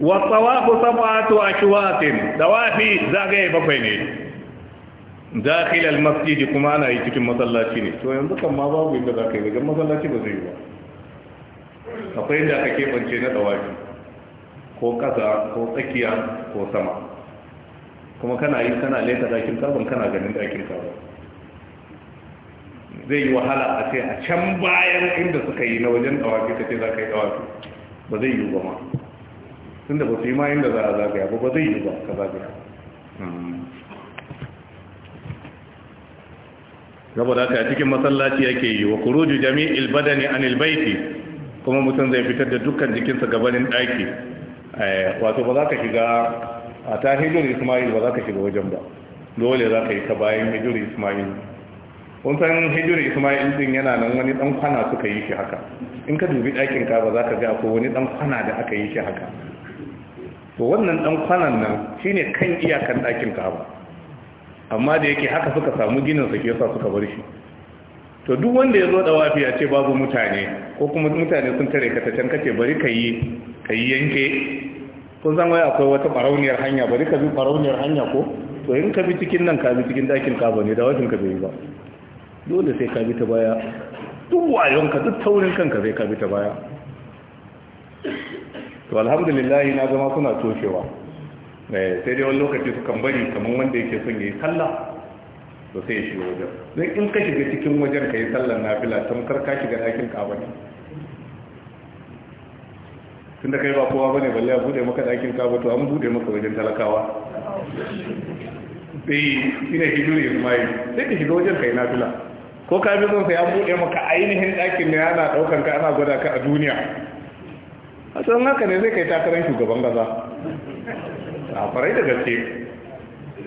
wa sawabu sabatu ashwatin dawafi zagaye bakwai ne dakhil al-masjid kuma ana yi cikin masallaci ne to yanzu kan ma babu inda zaka yi ga masallaci ba zai yi ba akwai inda kake keɓance na dawafi ko ƙasa ko tsakiya ko sama kuma kana yi kana leta dakin kaban kana ganin dakin kaban zai yi wahala a ce a can bayan inda suka yi na wajen dawaki ta ce za ka yi dawaki ba zai yi ba ma tunda ba su yi ma inda za a zagaya ba ba zai yi ba ka zagaya gaba da ka cikin masallaci yake yi wa kuruju jami'il badani an baiti kuma mutum zai fitar da dukkan jikinsa gabanin ɗaki. Eh, wato ba za ka shiga a ta hijir ismail ba za ka shiga wajen ba dole za ka yi ta bayan hijir ismail kun san hijir ismail din yana nan wani dan kwana suka yi shi haka in ka dubi ɗakin ka ba za ka ga ko wani dan kwana da aka yi shi haka to wannan dan kwanan nan shine kan iyakan ɗakin ka ba amma da yake haka suka samu ginin su ke sa suka bar shi to duk wanda ya zo da wafiya ce babu mutane ko kuma mutane sun tare ka ta can kace bari ka yi ka yi yanke kun san wai akwai wata barauniyar hanya bari ka bi barauniyar hanya ko to in ka bi cikin nan ka bi cikin dakin ka bane da wajen ka bai ba dole sai ka bi ta baya duk wayon ka duk taurin kanka sai ka bi ta baya to alhamdulillah na zama suna tofewa eh sai dai wani lokaci su kan bari kaman wanda yake son yayi sallah to sai ya shiga wajen dan in ka shiga cikin wajen ka yi sallar nafila tamkar ka shiga dakin ka bane tunda kai ba kowa bane balle a bude maka dakin ka to an bude maka wajen talakawa sai ina kuma ismail sai ka shiga wajen kai nafila ko ka bi son sai an bude maka ainihin dakin ne ana daukan ka ana gwada ka a duniya a san haka ne zai kai takarar shugaban kasa a farai da gaske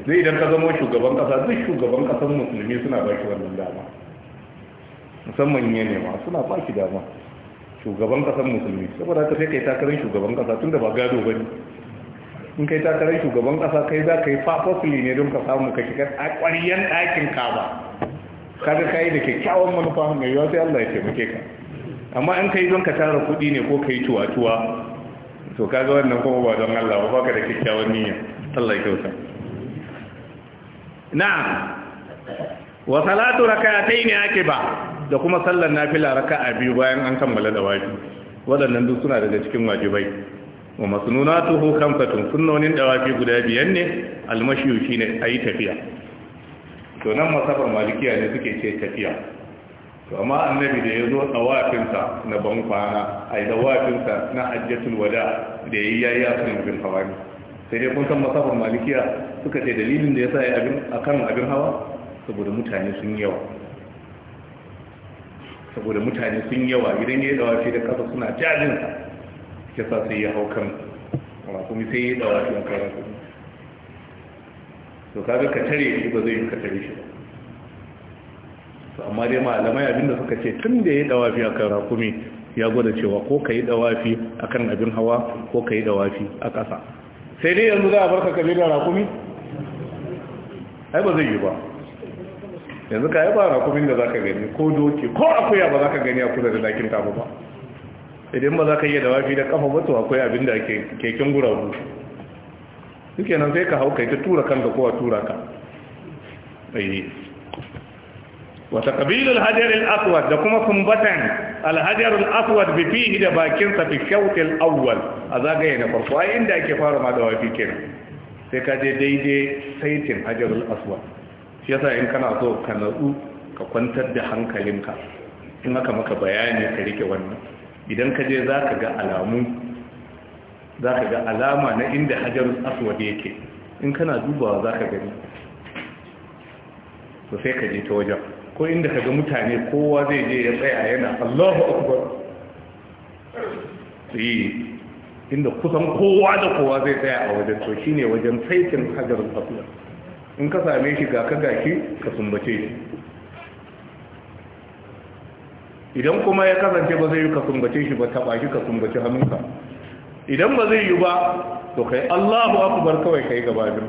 zai idan ka zama shugaban kasa duk shugaban kasan musulmi suna ba shi wannan dama musamman yi nema suna ba shi dama shugaban kasar musulmi saboda haka sai kai takarar shugaban kasa tunda ba gado ba ne in kai takarar shugaban kasa kai za ka yi fafafili ne don ka samu ka shiga ƙwaryen ɗakin kaba kaga ka yi da kyakkyawan manufa mai yawa sai Allah ya taimake ka amma in kai don ka tara kuɗi ne ko kai tuwa-tuwa to kaga wannan kuma ba don Allah ba baka da kyakkyawan niyya Allah ya kyauta na'am wa salatu ake akiba da kuma sallar nafila raka'a biyu bayan an kammala da wajibi waɗannan duk suna daga cikin wajibai wa masnunatuhu khamsatun sunnonin dawafi guda biyan ne almashiyu shine ayi tafiya to nan masabar malikiya ne suke ce tafiya to amma annabi da ya zo sa na ban kwana ai sa na hajjatul wada da yayi yayi akan bin hawa ne sai dai kun san masabar malikiya suka ce dalilin da yasa ya abin akan abin hawa saboda mutane sun yawa saboda mutane sun yawa idan ya yi dawafi da kasa suna jajin ya sa sai ya hau kan mai sai ya yi dawafi a kan rakumi to kaga ka tare shi ba zai yi ka tare shi ba to amma dai malamai abinda suka ce tun da ya yi dawafi a kan rakumi ya gwada cewa ko ka yi dawafi a kan abin hawa ko ka yi dawafi a ƙasa sai dai yanzu za a barka ka da rakumi ai ba zai yi ba yanzu ka yi ba kuma da za ka gani ko doki ko akuya ba za ka gani a kusa da dakin tamu ba idan ba za ka iya da wafi da kafa wato akwai abin da keken guragu suke nan sai ka hau kai ta tura kan ko a tura ka wata ƙabilun hajjarin aswad da kuma sumbatan alhajjarin aswad bi fihi da bakinsa fi kyautil awwal a zagaye na farko a inda ake fara ma da wafi kenan sai ka je daidai saitin hajjarin aswad shi yasa in kana so ka natsu ka kwantar da hankalinka in aka maka bayani ka rike wannan idan ka je za ka ga alamu za ka ga alama na inda hajar aswad yake in kana dubawa za ka gani to sai ka je ta wajen ko inda ka ga mutane kowa zai je ya tsaya yana allahu akbar yi eh, inda kusan kowa da kowa zai tsaya a wajen to shine wajen saitin hajar aswad in ka same shi ga ka gaki ka sumbace shi idan kuma ya kasance ba zai yi ka sumbace shi ba taba shi ka sumbace hannunka idan ba zai yi ba to kai Allahu akbar kawai kai gaba din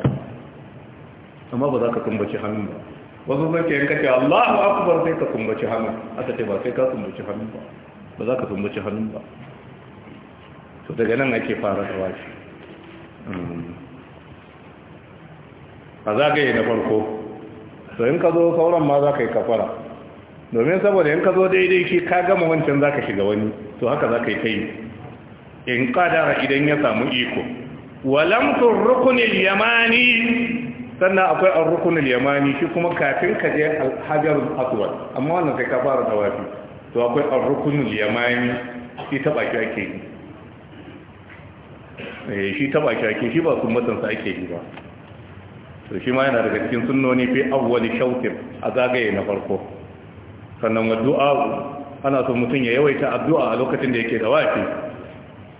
amma ba za ka sumbace hannun ba wasu sun ce kace Allahu akbar sai ka sumbace hannun aka ce ba sai ka sumbace hannun ba ba za ka sumbace hannun ba to daga nan ake fara tawashi hmm. a zagaye na farko to in ka zo sauran ma za ka yi kafara domin saboda in ka zo daidai shi ka gama wancan za ka shiga wani to haka za ka yi ta yi in kadara idan ya samu iko walamtun rukunin yamani sannan akwai an rukunin yamani shi kuma kafin ka je alhajar aswad amma wannan sai ka fara tawafi to akwai an rukunin yamani shi taba eh, shi ake yi shi taba shi ake shi ba sun matansa ake yi ba to shi ma yana daga cikin sunnoni fi awwali shautin a zagaye na farko sannan wa du'a ana so mutum ya yawaita addu'a a lokacin da yake da wafi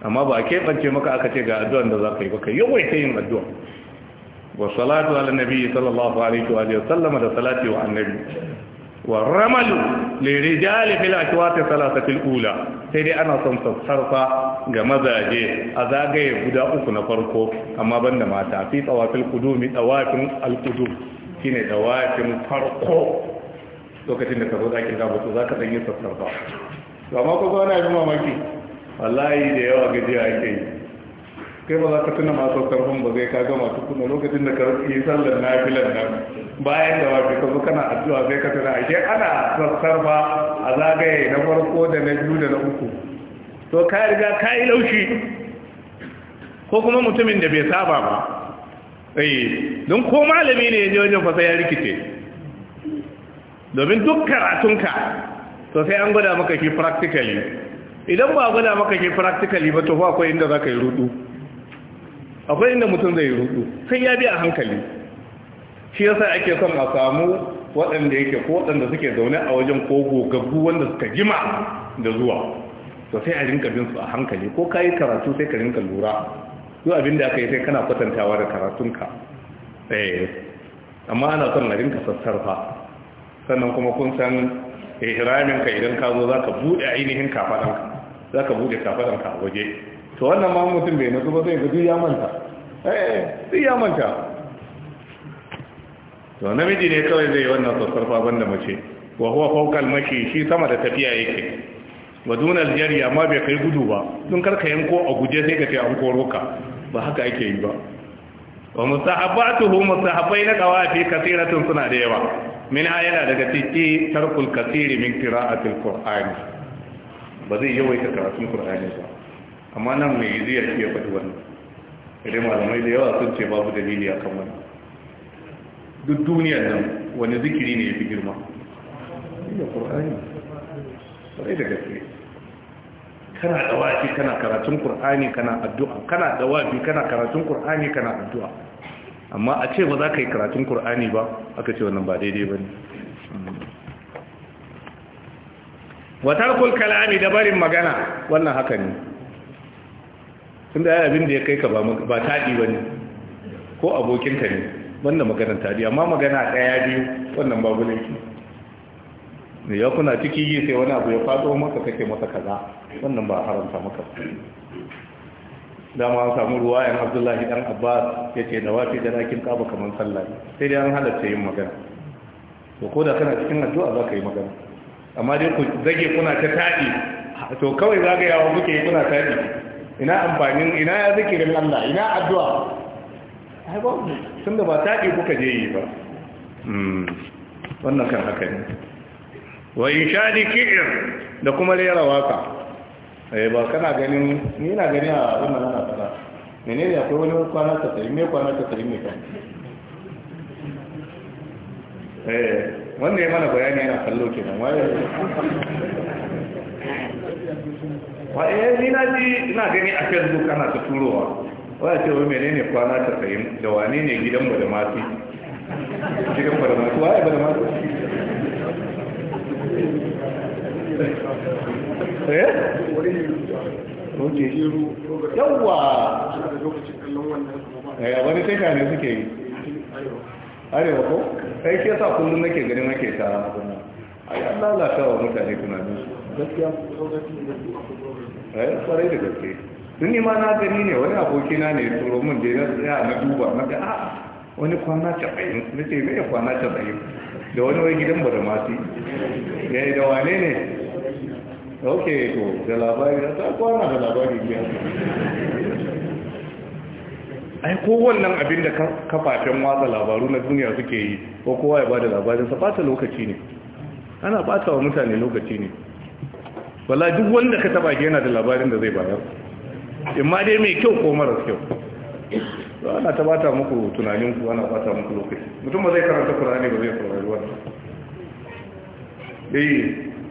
amma ba ke bance maka aka ce ga addu'an da zaka yi ba kai, yawaita yin addu'a wa salatu ala nabi sallallahu alaihi wa sallam da salati wa annabi wa ramalu lirijali fil aswat thalathati alula sai dai ana son sarfa ga mazaje a zagaye guda uku na farko amma banda mata fi tawafil qudumi tawafin alqudum shine tawafin farko lokacin da ka zo dakin gaba to zaka dan yi sassarfa to amma ko ga wani abin mamaki wallahi da yawa gajiya ake yi kai ba za ka tuna masu karfin ba zai kaga masu kuna lokacin da ka yi sallar na filan nan bayan da wafi ka zo kana addu'a sai ka tuna ake ana sassarfa a zagaye na farko da na biyu da na uku to ka riga ka yi laushi ko kuma mutumin da bai saba ba ai eh, don ko malami ne ya wajen fasa ya rikice domin duk karatunka to sai an gwada maka shi practically idan ba gwada maka shi practically ba to ba akwai inda za ka yi rudu akwai inda mutum zai rudu sai ya bi a hankali shi yasa ake son a samu waɗanda yake ko waɗanda suke zaune a wajen kogo gaggu wanda suka jima da zuwa to sai a rinka bin su a hankali ko kayi karatu sai ka rinka lura yau abin da aka yi sai kana kwatantawa da karatunka eh amma ana son a rinka sassarfa sannan kuma kun san ihraminka idan ka zo za ka buɗe ainihin kafaɗanka za ka buɗe kafaɗanka a waje to wannan ma mutum bai nutsu ba sai ga duk manta eh duk ya manta to namiji ne kawai zai wannan sassarfa da mace wa huwa faukal mashi shi sama da tafiya yake wa duna aljari amma bai kai gudu ba dun karka yanko a guje sai ka ce an koro ka ba haka yake yi ba wa musahabatuhu musahabai na qawafi kasiratun suna da yawa min ayyana yana daga cikki tarkul kasiri min qira'atil qur'ani ba zai yawaita karatun qur'ani ba amma nan mai iziya shi ya faɗi wannan idan malamai da yawa sun ce babu dalili akan wannan duk duniyar nan wani zikiri ne ya fi girma da ƙur'ani sai da gaske kana dawafi kana karatun ƙur'ani kana addu'a kana dawafi kana karatun ƙur'ani kana addu'a amma a ce ba za ka yi karatun ƙur'ani ba aka ce wannan ba daidai ba ne watar kulkalami da barin magana wannan haka ne tun da abin da ya kai ka ba taɗi ba ne ko abokinka ne wannan maganar taɗi amma magana ɗaya biyu wannan babu laifi da ya kuna ciki yi sai wani abu ya faɗo maka kake masa kaza wannan ba haramta maka dama an samu ruwa yan abdullahi dan abbas ya ce da wafi da rakin kaba kamar sallah sai dai an halatta yin magana to ko da kana cikin addu'a za ka yi magana amma dai ku zage kuna ta taɗi to kawai zagayawa kuke kuna taɗi ina amfanin ina ya zikirin Allah ina addu'a ai ba tun da ba taɗi kuka je yi ba hmm, wannan kan haka ne wa in sha ki'ir da kuma rera waka ai eh, ba kana ganin ni na gani a wannan tsara mene menene akwai wani kwana ta tsayi me kwana ta tsayi me kan eh wanda ya mana bayani yana kallo kenan waye wa eh ni na ji ina gani a facebook ana ta turowa waya ce wai menene kwana ta sayin da wane ne gidan ba da masu gidan ba da masu waye ba da masu eh yawwa eh wani sai ka ne suke yi arewa ko sai ke sa kullum nake ganin nake ta ai Allah lalata wa mutane tunanin gaskiya eh kwarai da gaske tun ni ma na gani ne wani abokina ne ya turo mun da ya tsaya na duba na ga a ah, wani kwana casa'in na ce mai kwana casa'in da wani wai gidan ba da mati ya eh, yi da wane ne ok to da labari da ta kwana da labari biya ai ko wannan abin da kafafen watsa labaru na duniya suke yi ko kowa ya ba da labarin sa bata lokaci ne ana bata wa mutane lokaci ne wala duk wanda ka taba yana da labarin da zai bayar imma dai mai kyau ko marar kyau ana ta bata muku tunanin ku ana bata muku lokaci mutum ba zai karanta kurani ba zai saurari wannan eh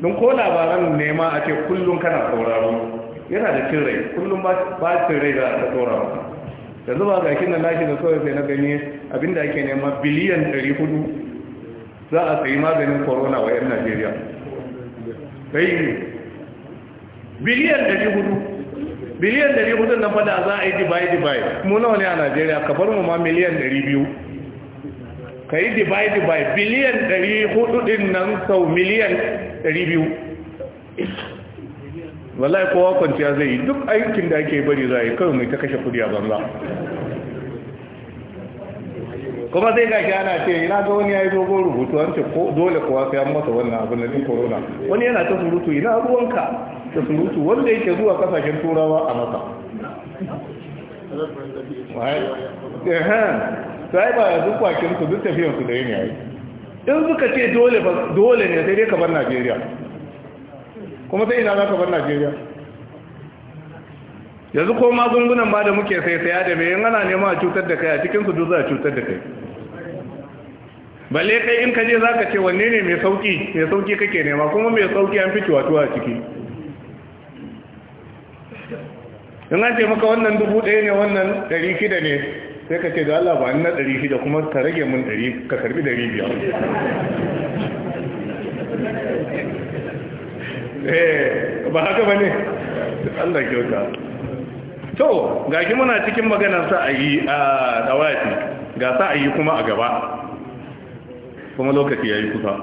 don ko labaran nema a ce kullum kana sauraro yana da cin rai kullum ba cin rai za ka sauraro yanzu ba ga kinan na da kawai sai na gani abinda ake nema biliyan 400 za a sayi maganin corona wa 'yan najeriya sai biliyan 400 biliyan 400 na fada za a yi dibai dibai muna wani a najeriya ka bar mu ma miliyan 200 ka yi dibai dibai biliyan 400 din nan sau miliyan 200 wallahi kowa kwanciya zai yi duk aikin da ake bari za a yi kawai mai ta kashe kudi a banza kuma sai ga ana ce yana ga wani ya yi dogon rubutu an ce dole kuwa sai an masa wannan abin da ɗin corona wani yana ta surutu ina ruwanka da surutu wanda yake zuwa kasashen turawa a maka sai ba ya zuwa kinsu duk tafiyarsu da yin yayi in suka ce dole ne sai dai ka bar najeriya kuma sai ina za ka najeriya yanzu ko magungunan ba da muke sai saya da mai ana nema a cutar da kai a cikinsu duk za a cutar da kai balle kai in ka je za ka ce wanne ne mai sauki mai sauki kake nema kuma mai sauki an fi ciwatuwa a ciki in an ce maka wannan dubu ɗaya ne wannan ɗari shida ne sai ka ce da Allah ba na ɗari shida kuma ka rage mun ɗari ka karbi ɗari biyar eh ba haka ba ne Allah kyauta to ga shi muna cikin maganar sa a dawati ga sa a yi kuma a gaba kuma lokaci ya yi kusa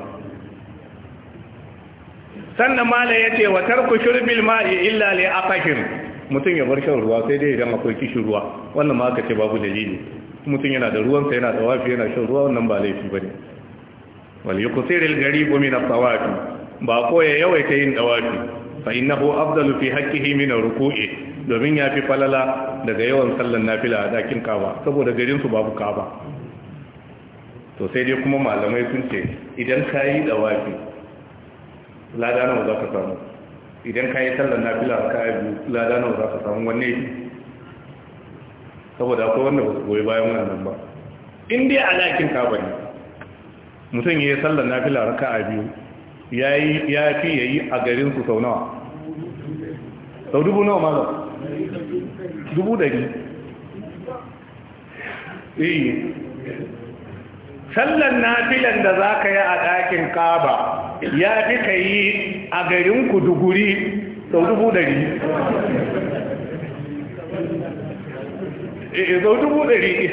sannan mala ya ce wa tarku shurbil ma'i illa li afakir mutum ya bar shan ruwa sai dai idan akwai kishin ruwa wannan ma aka ce babu dalili mutum yana da ruwansa yana da wafi yana shan ruwa wannan ba laifi ba ne wal yuqsir al gharib min al tawaf ba ko ya yawaita yin dawafi fa innahu afdalu fi haqqihi min al ruku'i domin ya fi falala daga yawan sallan nafila a dakin kaba saboda garin su babu kaba to sai dai kuma malamai sun ce idan ka yi tawafi lada nawa za ka samu idan ka yi sallar fila ka yi lada na za ka samu wanne yi saboda akwai wanda ba su goyi bayan nan ba in dai alakin ka bane mutum ya yi sallar fila ka a biyu ya fi ya yi a garin su sau nawa sau dubu nawa malam dubu dari iya eh. sallar filan da za ka yi a ɗakin kaba ya fi ka yi a garin ku duguri sau dubu dari eh, eh, sau dubu dari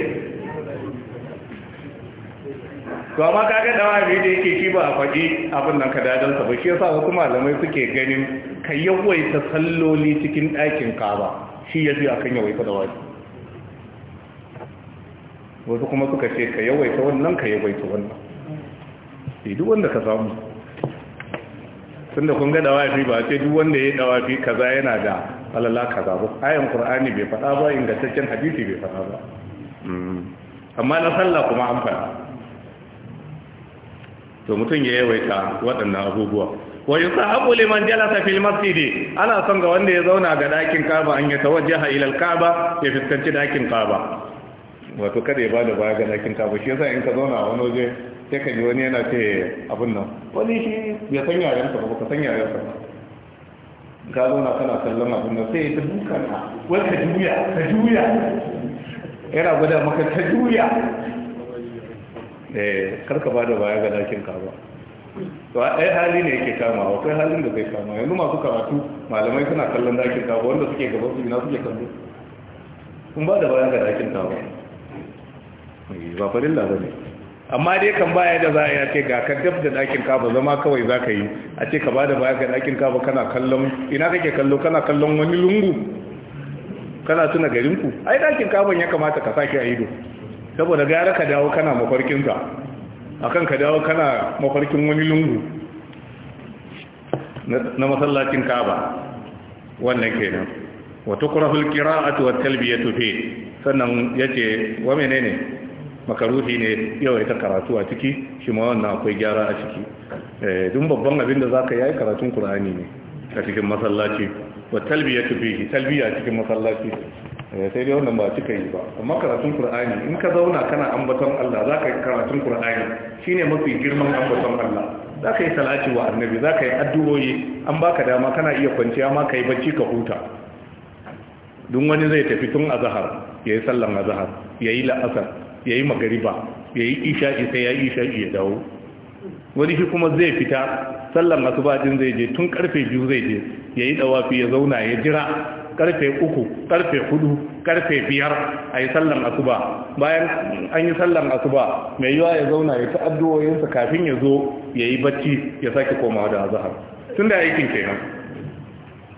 to amma kaga dawa ne da yake shi ba a faɗi abin nan ka sa ba shi yasa wasu malamai suke ganin ka yawaita salloli cikin ɗakin kaba shi ya fi akan yawaita dawa wasu kuma suka ce ka yawaita wannan ka yawaita wannan eh, duk wanda ka samu tunda kun ga dawafi ba ce duk wanda ya dawafi kaza yana da alala kaza ba ayan qur'ani bai faɗa ba ingantaccen hadisi bai faɗa ba mm. amma na sallah kuma an faɗa to mutum ya yawaita waɗannan abubuwa wa yusahabu liman jalasa fil masjid ana son ga wanda ya zauna ga dakin kaba. an ya tawajjaha ila al-Kaaba ya fuskanci dakin kaba. wato kada ya bada baya ga dakin kaba shi yasa in ka zauna a wani waje sai ka ji wani yana ce abin nan wani shi ya san yaren ka ba ka san yaren ba ka zauna kana kallon abin nan sai ta duka na wai ka juya ka juya yana gwada maka ka juya eh kar ka bada baya ga dakin ka ba to a ɗaya hali ne yake kama Kai halin da zai kama yanzu masu karatu malamai suna kallon dakin ka ba wanda suke gaba su ina suke kallo kun ba da bayan ga dakin ka ba ba farin labari ne amma dai kan baya da za a yi a ce ga ka dab da ɗakin kaba zama kawai za ka yi a ce ka ba da baya ga ɗakin kaba kana kallon ina kake kallo kana kallon wani lungu kana tuna garinku ai ɗakin kaban ya kamata ka sake a ido saboda gara ka dawo kana mafarkinsa akan ka dawo kana mafarkin wani lungu na masallacin kaba wannan kenan wa tukrahul qira'atu wat talbiyatu fi sannan yace wa menene makaruhi ne yawaita karatu a ciki shi ma wannan akwai gyara a ciki eh, dun babban abin da zaka yi karatun qur'ani ne a cikin masallaci wa talbiyatu bihi talbiya cikin masallaci eh, sai dai wannan ba cika yi ba amma karatun qur'ani in ka zauna kana ambaton Allah zaka yi karatun qur'ani shine mafi girman ambaton Allah zaka yi salati wa annabi zaka yi addu'o'i an baka dama kana iya kwanciya ma kai bacci ka huta dun wani zai tafi tun azhar yayi sallan azhar yayi la'asar ya yi magariba ya yi isha'i sai ya yi isha'i ya dawo wani shi kuma zai fita sallan asubajin zai je tun karfe biyu zai je ya yi dawafi ya zauna ya jira karfe uku karfe hudu karfe biyar a yi sallan asuba bayan an yi sallan asuba mai yiwa ya zauna ya ta addu'o'insa kafin ya zo ya yi bacci ya sake komawa da azahar tun da aikin kenan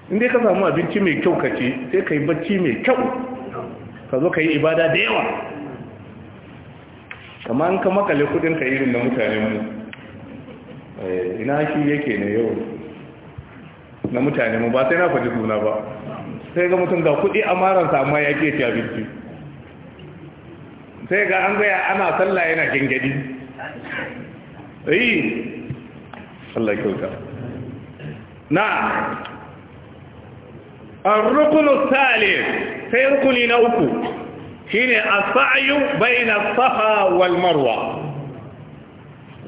in dai ka samu abinci mai kyau ka ci sai ka yi bacci mai kyau ka zo ka yi ibada da yawa kama an ka makale kudin ka irin na mutanen mu eh, ina shi yake ne yau na mutanen mu ba sai na faɗi suna ba sai ga mutum ga kudi a maransa amma ya ke ci abinci sai ga an gaya ana sallah yana gingadi. yi Allah kyauta na an rukunu salis sai rukuni na uku shine as-sa'yu bayna as-safa wal marwa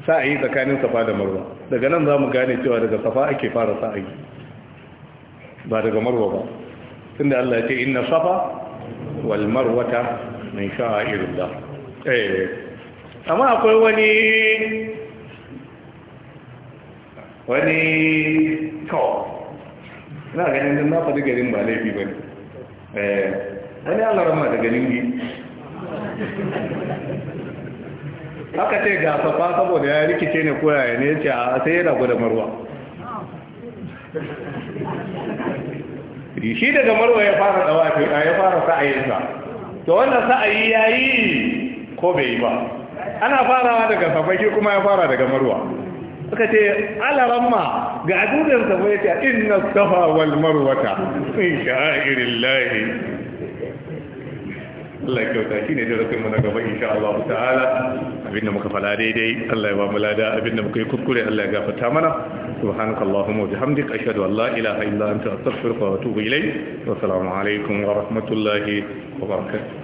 sa'i tsakanin safa da marwa daga nan za mu gane cewa daga safa ake fara sa'ayi. ba daga marwa ba tunda Allah ya ce inna safa wal marwata min irin da. Eh. amma akwai wani wani to Ina ganin na faɗi garin ba laifi ba ne. Eh. wani allah da daga ningi aka ce ga safa saboda ya rikice ne koyaya ne ce a sai yana gwada marwa shi daga marwa ya fara dawafi a ya fara sa'ayinsa to wannan sa'ayi ya yi ko bai yi ba ana farawa daga safa kuma ya fara daga marwa suka ce alaramma ga adudin safa ya inna safa wal marwata in sha'irin lahi Allah ya kyauta shi ne darasin mu na gaba insha Allah ta'ala abinda muka fada daidai Allah ya ba mu lada abinda muka yi kuskure Allah ya gafarta mana subhanakallahumma wa bihamdika ashhadu an la ilaha illa anta astaghfiruka wa atubu ilayk wa assalamu alaikum wa rahmatullahi wa barakatuh